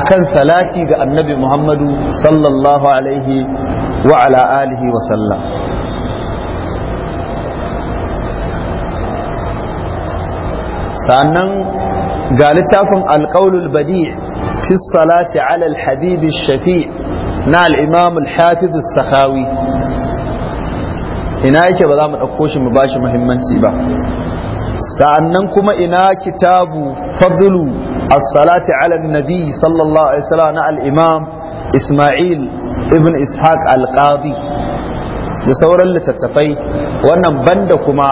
akan salati ga annabi muhammadu sallallahu alaihi wa ala alihi wa sallam sannan ga littafin alƙaulul badi fi salati ala al-habibi shafi na al-imam al-hafiz sakhawi ina yake ba za mu ɗauko shi mu bashi muhimmanci ba sa'annan kuma ina kitabu fadlu as-salati ala nabi sallallahu alaihi wasallam na al-imam Isma'il ibn Ishaq al-Qadi da sauran littattafai wannan banda kuma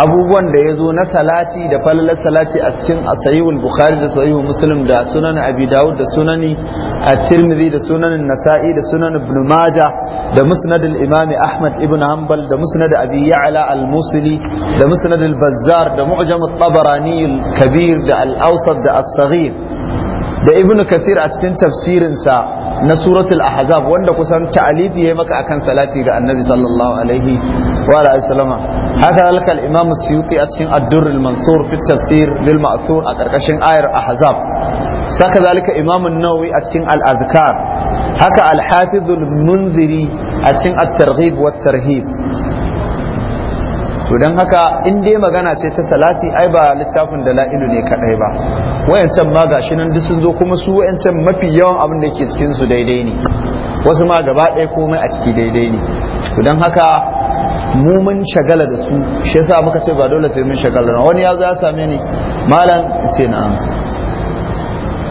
abubuwan da ya zo na salati da falalar salati a cikin asayihul bukhari da sahihu muslim da sunan abi dawud da sunani at-tirmidhi da sunan nasa'i da sunan ibn majah da musnad al-imam ahmad ibn hanbal da musnad abi ya'la al-musli da musnad al-bazzar da mu'jam at-tabarani al-kabir da al-awsat da as-saghir da ibn kathir a cikin tafsirinsa na suratul ahzab wanda kusan ta'alifi yayi maka akan salati ga annabi sallallahu alaihi wa alihi wasallama haka alkal imam suyuti a cikin ad-durr al-mansur fi tafsir lil ma'thur a karkashin ayar ahzab saka zalika imam an-nawawi a cikin al-azkar haka al-hafiz al-munziri a cikin at-targhib at tarhib to dan haka in dai magana ce ta salati ai ba littafin dalailu ne kadai ba wayancan ma ga shi nan duk sun zo kuma su wayancan mafi yawan abin da ke cikin su daidai ne wasu ma gaba ɗaya komai a ciki daidai ne to don haka mu mun shagala da su shi yasa muka ce ba dole sai mun shagala wani ya zo ya same ni malam ce na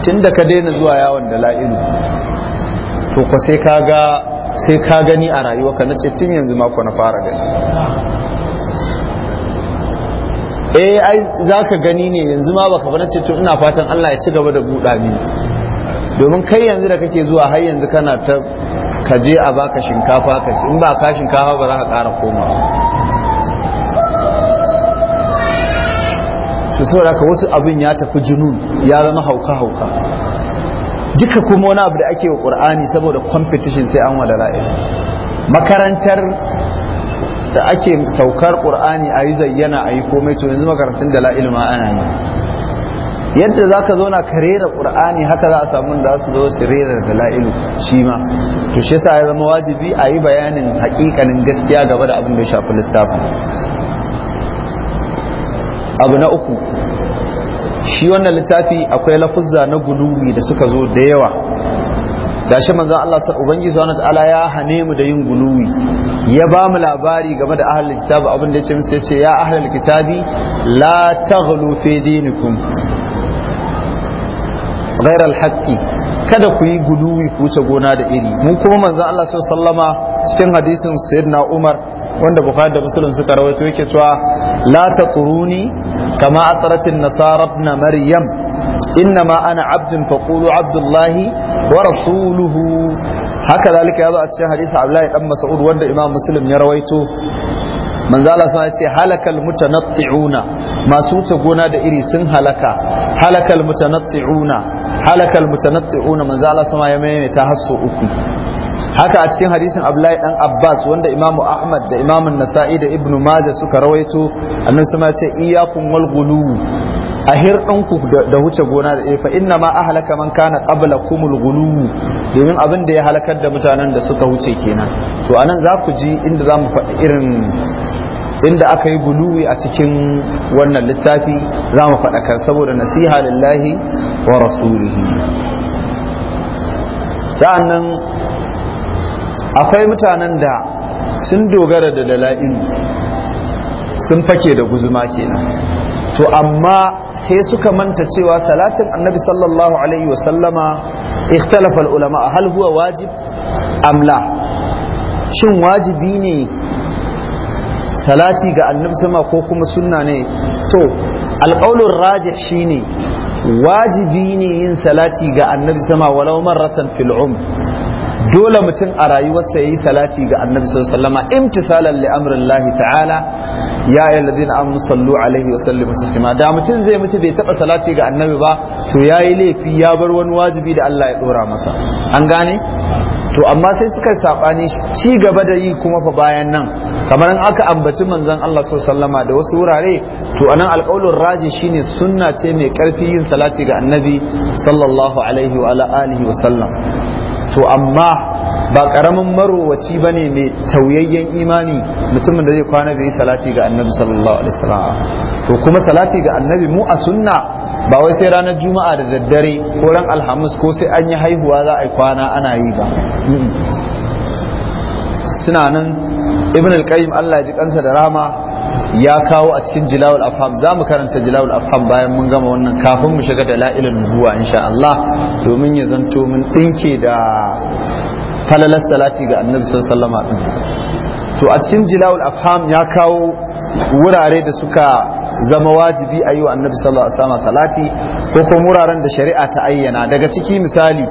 tun da ka daina zuwa yawon da la'ilu to ko sai ka ga sai ka gani a rayuwa ka na ce tun yanzu mako na fara gani eh ai za ka gani ne yanzu ma baka bana ce to ina fatan Allah ya ci gaba da buɗa ni domin kai yanzu da kake zuwa har yanzu kana ta ka je a baka shinkafa ka in ba ka shinkafa ba za ka ƙara koma to saboda wasu abin ya tafi junun ya zama hauka hauka duka kuma wani abu da ake wa ƙur'ani saboda competition sai an wadala makarantar da ake saukar ƙur'ani a yi zayyana a yi komai to yanzu makarantun da la'ilma ana yi yadda za ka zauna ka rera ƙur'ani haka za a samu da su zo su rera da la'ilu shi ma to shi sa ya zama wajibi a yi bayanin haƙiƙanin gaskiya gaba da abin da ya shafi littafin abu na uku shi wannan littafi akwai lafuzza na guluwi da suka zo da yawa gashi manzon Allah sa ubangiji subhanahu ta'ala ya hane mu da yin guluwi ya ba mu labari game da ahlul kitabi abin da yake musu yace ya ahlul kitabi la taghlu fi dinikum ghayra al kada ku yi guluwi ku wuce gona da iri mun kuma manzon Allah sallama cikin hadisin sayyidina Umar wanda Bukhari da Muslim suka rawaito yake cewa la taquruni kama atratin nasara ibn Maryam innama ana abdun faqulu abdullahi wa haka zalika yazo a cikin hadisi Abdullahi dan Mas'ud wanda Imam Muslim ya rawaito manzo Allah sai ce halakal mutanatti'una masu wuce gona da iri sun halaka halakal mutanatti'una halakal mutanatti'una manzo Allah sama ya maimaita hasso uku haka a cikin hadisin abdullahi dan abbas wanda imamu ahmad da imamu nasa'i da ibnu maja suka rawaito annan sama ce iyakun wal a hirɗinku da huce gona da fa inna ma ahlaka man kana qabla kumul gulu domin abin da ya halakar da mutanen da suka huce kenan to anan za ku ji inda za mu faɗi irin inda aka yi guluwi a cikin wannan littafi za mu faɗakar saboda nasiha lillahi wa rasulihi sa'annan akwai mutanen da sun dogara da dala'in sun fake da guzuma kenan to amma sai suka manta cewa salatin annabi sallallahu alaihi wasallama ikhtalafal ulama hal huwa wajib amla shin wajibi ne salati ga annabi sama ko kuma sunna ne to alƙaunin rajih shine wajibi ne yin salati ga annabi sama walau marratan fil um. dole mutum a rayuwarsa ya yi salati ga annabi sallallahu alaihi wasallama imtisalan li amrillahi ta'ala ya ayyuhal ladina amanu sallu alaihi wa sallimu taslima da mutum zai mutu bai taba salati ga annabi ba to yayi laifi ya bar wani wajibi da Allah ya dora masa an gane to amma sai suka sabani ci gaba da yi kuma fa bayan nan kamar an aka ambaci manzon Allah sallama da wasu wurare to anan rajin raji shine sunna ce mai karfi yin salati ga annabi sallallahu alaihi wa alihi wa sallam to amma ba karamin marowaci ba ne mai tauyayyen imani mutumin da zai kwana yi salati ga annabi sallallahu alaihi wasallam to kuma salati ga annabi mu a sunna ba wai sai ranar juma'a da daddare ko ran alhamis ko sai an yi haihuwa za a yi kwana ana yi ba suna nan ibn al-qayyim Allah ya ji kansa da rama ya kawo a cikin jilawul afham za mu karanta jilawul afham bayan mun gama wannan kafin mu shiga da la'ilin nubuwa insha Allah domin ya zanto mun dinke da falalar salati ga annabi sallallahu alaihi to a cikin jilawul afham ya kawo wurare da suka zama wajibi a yi wa annabi sallallahu alaihi wasallam salati ko kuma wuraren da shari'a ta ayyana daga ciki misali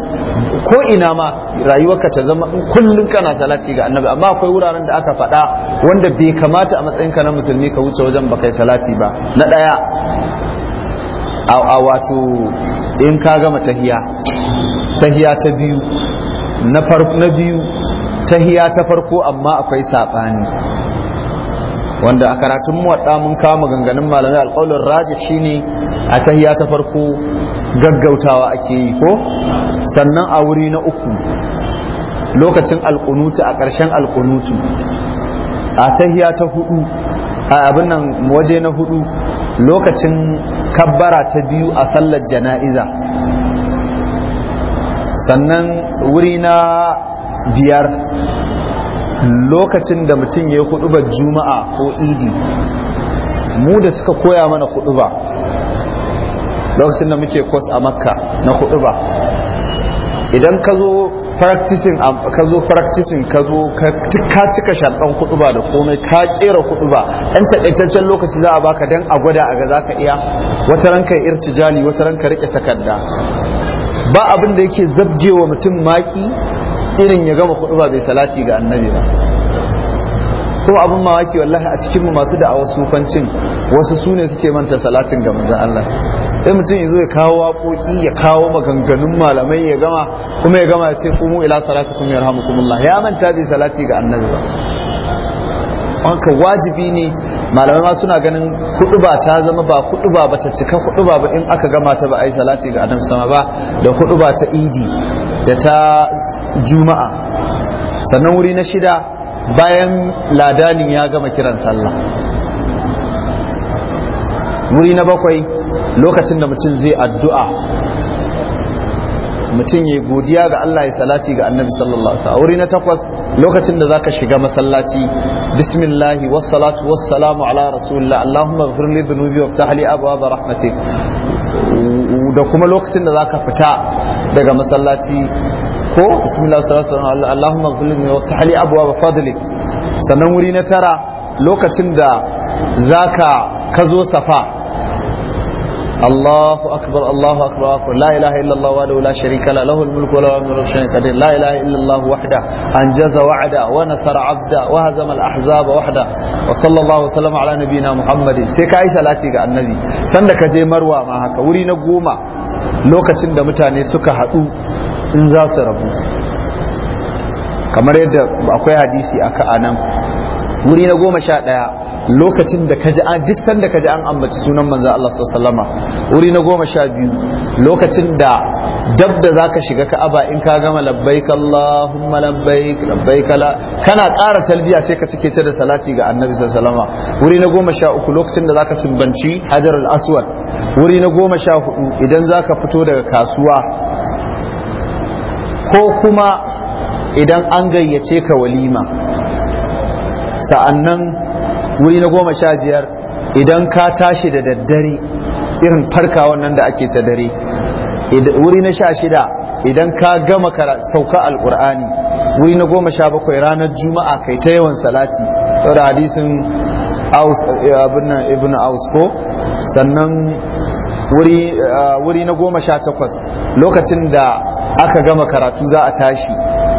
ko ina ma rayuwarka ta zama kullum kana salati ga annabi amma akwai wuraren da aka faɗa wanda bai kamata a matsayinka na musulmi ka wuce wajen ba kai salati ba na ɗaya a wato in ka gama tahiya tahiya ta biyu na farko na biyu tahiya ta farko amma akwai sabani wanda a karatun muwadda mun kama ganganin malamai rajin shi shine a tahiya ta farko gaggautawa ake yi ko sannan a wuri na uku lokacin alƙunutu a ƙarshen alƙunutu a tahiya ta hudu a abin waje na hudu lokacin kabbara ta biyu a sallar jana'iza sannan wuri na biyar lokacin da mutum ya yi hudubar juma'a ko idi mu da suka koya mana huduba lokacin da muke kwas a makka na huduba idan ka zo practicing ka zo practicing ka zo ka cika sharɗan kuɗuba da komai ka kera kuɗuba ɗan taƙaitaccen lokaci za a baka don a gwada a ga za ka iya wata ranka irtijali wata ranka riƙe takarda ba abin da yake wa mutum maki irin ya gama kudu ba bai salati ga annabi ba kuma abin mawaki wallahi a cikin mu masu da'awar sufancin wasu su ne suke manta salatin ga manzon Allah sai mutum ya zo ya kawo waƙoƙi ya kawo maganganun malamai ya gama kuma ya gama ya ce kumu ila salatikum yarhamukumullah ya manta bai salati ga annabi ba Wanka wajibi ne malamai ma suna ganin kudu ba ta zama ba kudu ba bata cika kudu ba in aka gama ta ba a yi salati ga adam sama ba da kudu ba ta idi da ta juma'a sannan wuri na shida bayan ladanin ya gama kiran sallah wuri na bakwai lokacin da mutum zai addu'a mutum ya godiya ga Allah ya salati ga annabi sallallahu alaihi wasallam wuri na takwas lokacin da zaka shiga masallaci bismillahi wassalatu wassalamu ala rasulillah allahumma ighfir li dhunubi waftah li abwaab rahmatik da kuma lokacin da zaka fita daga masallaci ko bismillahi sallallahu alaihi wasallam allahumma ighfir li waftah li abwaab fadlik sannan wuri na tara lokacin da zaka ka zo safa الله أكبر الله أكبر أكبر لا إله إلا الله وحده لا شريك له له الملك وله الحمد شيء لا إله إلا الله وحده أنجز وعده ونصر عبده وهزم الأحزاب وحده وصلى الله وسلم على نبينا محمد سيك أي salati ga annabi sanda ka je marwa ma haka wuri na goma lokacin da mutane suka haɗu in za su rabu kamar yadda akwai hadisi aka anan wuri na lokacin da kaji an duk sanda kaji an ambaci sunan manzo Allah wasallama wuri na goma sha biyu lokacin da dab da zaka shiga ka'aba in ka gama labbaik Allahumma labbaik labbaik la kana ƙara talbiya sai ka cike ta da salati ga annabi wasallama wuri na goma sha uku lokacin da zaka sunbanci hajar al-aswad wuri na goma sha hudu idan zaka fito daga kasuwa ko kuma idan an gayyace ka walima sa'annan wuri na goma sha biyar idan ka tashi da daddare irin farka wannan da ake ta dare wuri na sha shida idan ka gama sauka alkur'ani wuri na goma sha bakwai ranar juma'a kai ta yawan salati saboda hadisin eh, ibn aus ko sannan eh, wuri na goma sha takwas lokacin da aka gama karatu za a tashi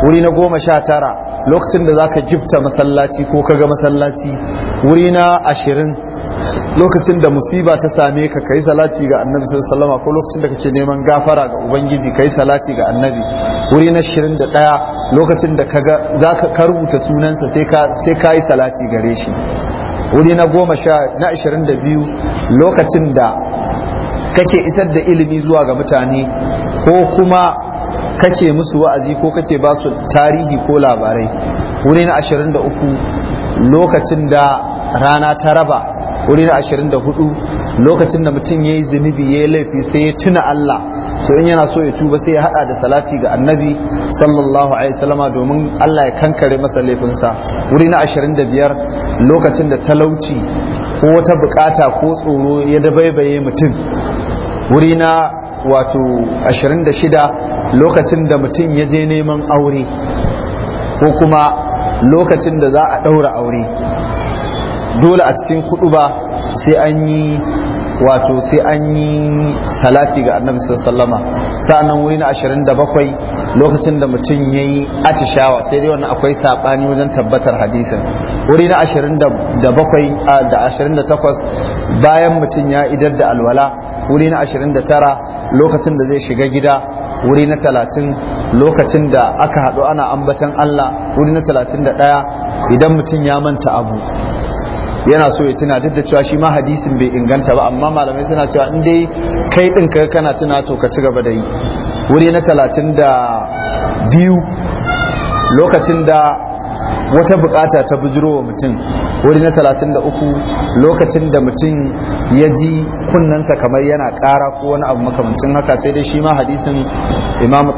wuri na goma sha tara lokacin da za ka jifta masallaci ko kaga masallaci wuri na ashirin lokacin da musiba ta same ka kai salati ga annabi sallallahu salama ko lokacin da ce neman gafara ga ubangiji kai salati ga annabi wuri na ɗaya lokacin da kaga za ka rubuta sunansa sai ka yi salati gare shi wuri na goma sha na ashirin da biyu lokacin da kake isar da ilimi zuwa ga mutane ko kuma kace musu wa'azi ko kace ba su tarihi ko labarai wuri na 23 lokacin da rana ta raba wuri na 24 lokacin da mutum ya yi zunubi ya yi laifi sai ya tuna Allah so in yana so ya tuba sai ya hada da salati ga annabi sallallahu alaihi wasallama domin Allah ya kankare masa laifinsa wuri na 25 lokacin da talauci ko wata bukata ko tsoro ya dabaibaye mutum wuri na wato 26 lokacin da mutum ya je neman aure ko kuma lokacin da za a ɗaura aure dole a cikin hudu ba sai an yi wato sai an yi salati ga annabi sallama sa'annan wuri na 27 lokacin da mutum ya yi atishawa sai dai wannan akwai saɓani wajen tabbatar hadisin wuri na 27 da 28 bayan mutum ya idar da alwala wuri na 29 lokacin da zai shiga gida wuri na 30 lokacin da aka haɗu ana ambatan Allah wuri na 31 idan mutum ya manta abu yana so ya tuna duk da cewa shi ma hadisin bai inganta ba amma malamai suna cewa in dai kai din ka kana tuna to ka ci gaba da yi wuri na 32 lokacin da wata bukata ta bujirowa mutum wuri na 33 lokacin da mutum ya ji kunnansa kamar yana kara ko wani abu makamancin haka sai dai shi ma hadisin imam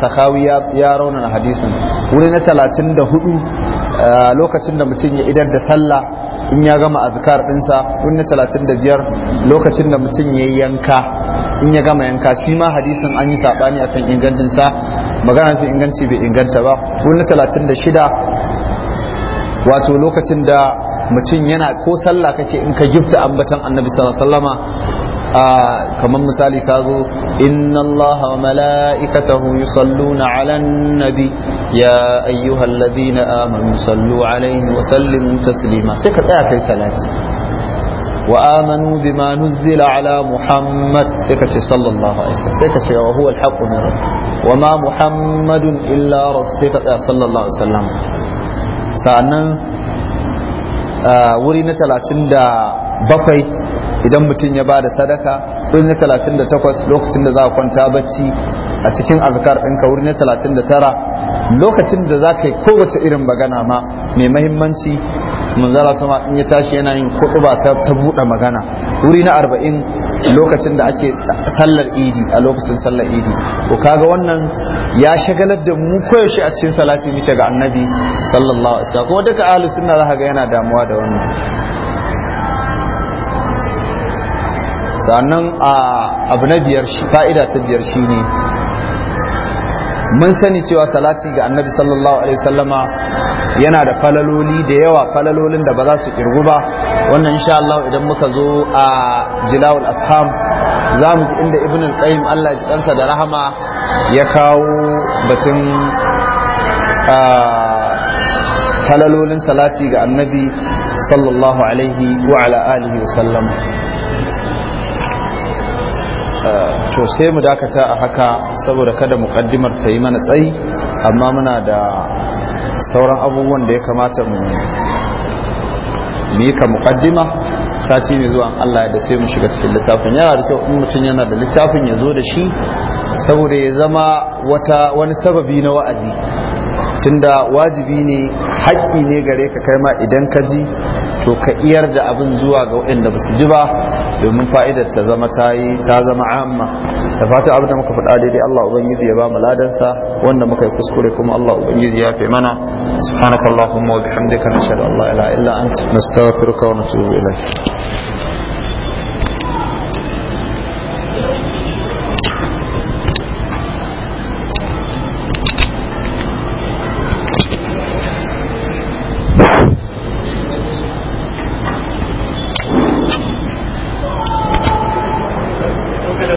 sahawi eh, ya raunana hadisin wuri na 34 eh, lokacin da mutum ya idar da sallah in ya gama azkar ɗinsa tun na talatin lokacin da mutum ya yanka in ya gama yanka shi ma hadisin an yi saɓani akan ingancinsa magana fi inganci bai inganta ba tun na talatin shida wato lokacin da mutum yana ko sallah kake in ka gifta ambatan annabi sallallahu alaihi wasallama kamar misali ka zo inna allaha wa mala'ikatahu yusalluna 'alan nabi ya ayyuhalladhina amanu sallu 'alaihi wa sallimu taslima sai ka tsaya kai salati وآمنوا بما نزل على محمد سكتي صلى الله عليه وسلم سكتي وهو الحق من رب وما محمد إلا رسول صلى الله عليه وسلم سأنا ورينا ثلاثين دا بقي idan mutum ya ba da sadaka wurin na 38 lokacin da za a kwanta bacci a cikin azkar ɗinka wurin na tara. lokacin da za ka yi kowace irin magana ma mai mahimmanci manzala sama in ya tashi yana yin kuɗuba ta buɗe magana wuri na arba'in lokacin da ake sallar idi a lokacin sallar idi ko kaga wannan ya shagalar da mu koyaushe a cikin salati muke ga annabi sallallahu alaihi wasallam kuma duka ahlus sunna zaka ga yana damuwa da wannan sannan a abu na biyar shi fa'ida ta biyar shi ne mun sani cewa salati ga annabi sallallahu alaihi wasallama yana da falaloli da yawa falalolin da ba za su kirgu ba wannan insha Allah idan muka zo a jilawul afham za mu ji inda ibn al-qayyim Allah ya tsansa da rahama ya kawo batun falalolin salati ga annabi sallallahu alaihi wa ala alihi wa sallam Eh, to sai mu dakata a haka saboda kada mukaddimar ta yi mana tsayi amma muna da sauran abubuwan da ya kamata mu yi ka sati mai zuwa Allah da sai mu shiga cikin littafin yana da kyau in mutum yana da littafin ya zo da shi saboda ya zama wata wani sababi na wa'azi tunda wajibi ne haƙƙi ne gare ka kai ma idan ka ji to ka iyar da abin zuwa ga waɗanda ba su ji ba domin fa'idar ta zama ta yi ta zama amma da fata abin da muka faɗa daidai Allah ubangiji ya ba mu ladansa wanda muka yi kuskure kuma Allah ubangiji ya fi mana subhanakallahumma wa bihamdika nashhadu an la ilaha illa anta nastaghfiruka wa natubu ilayk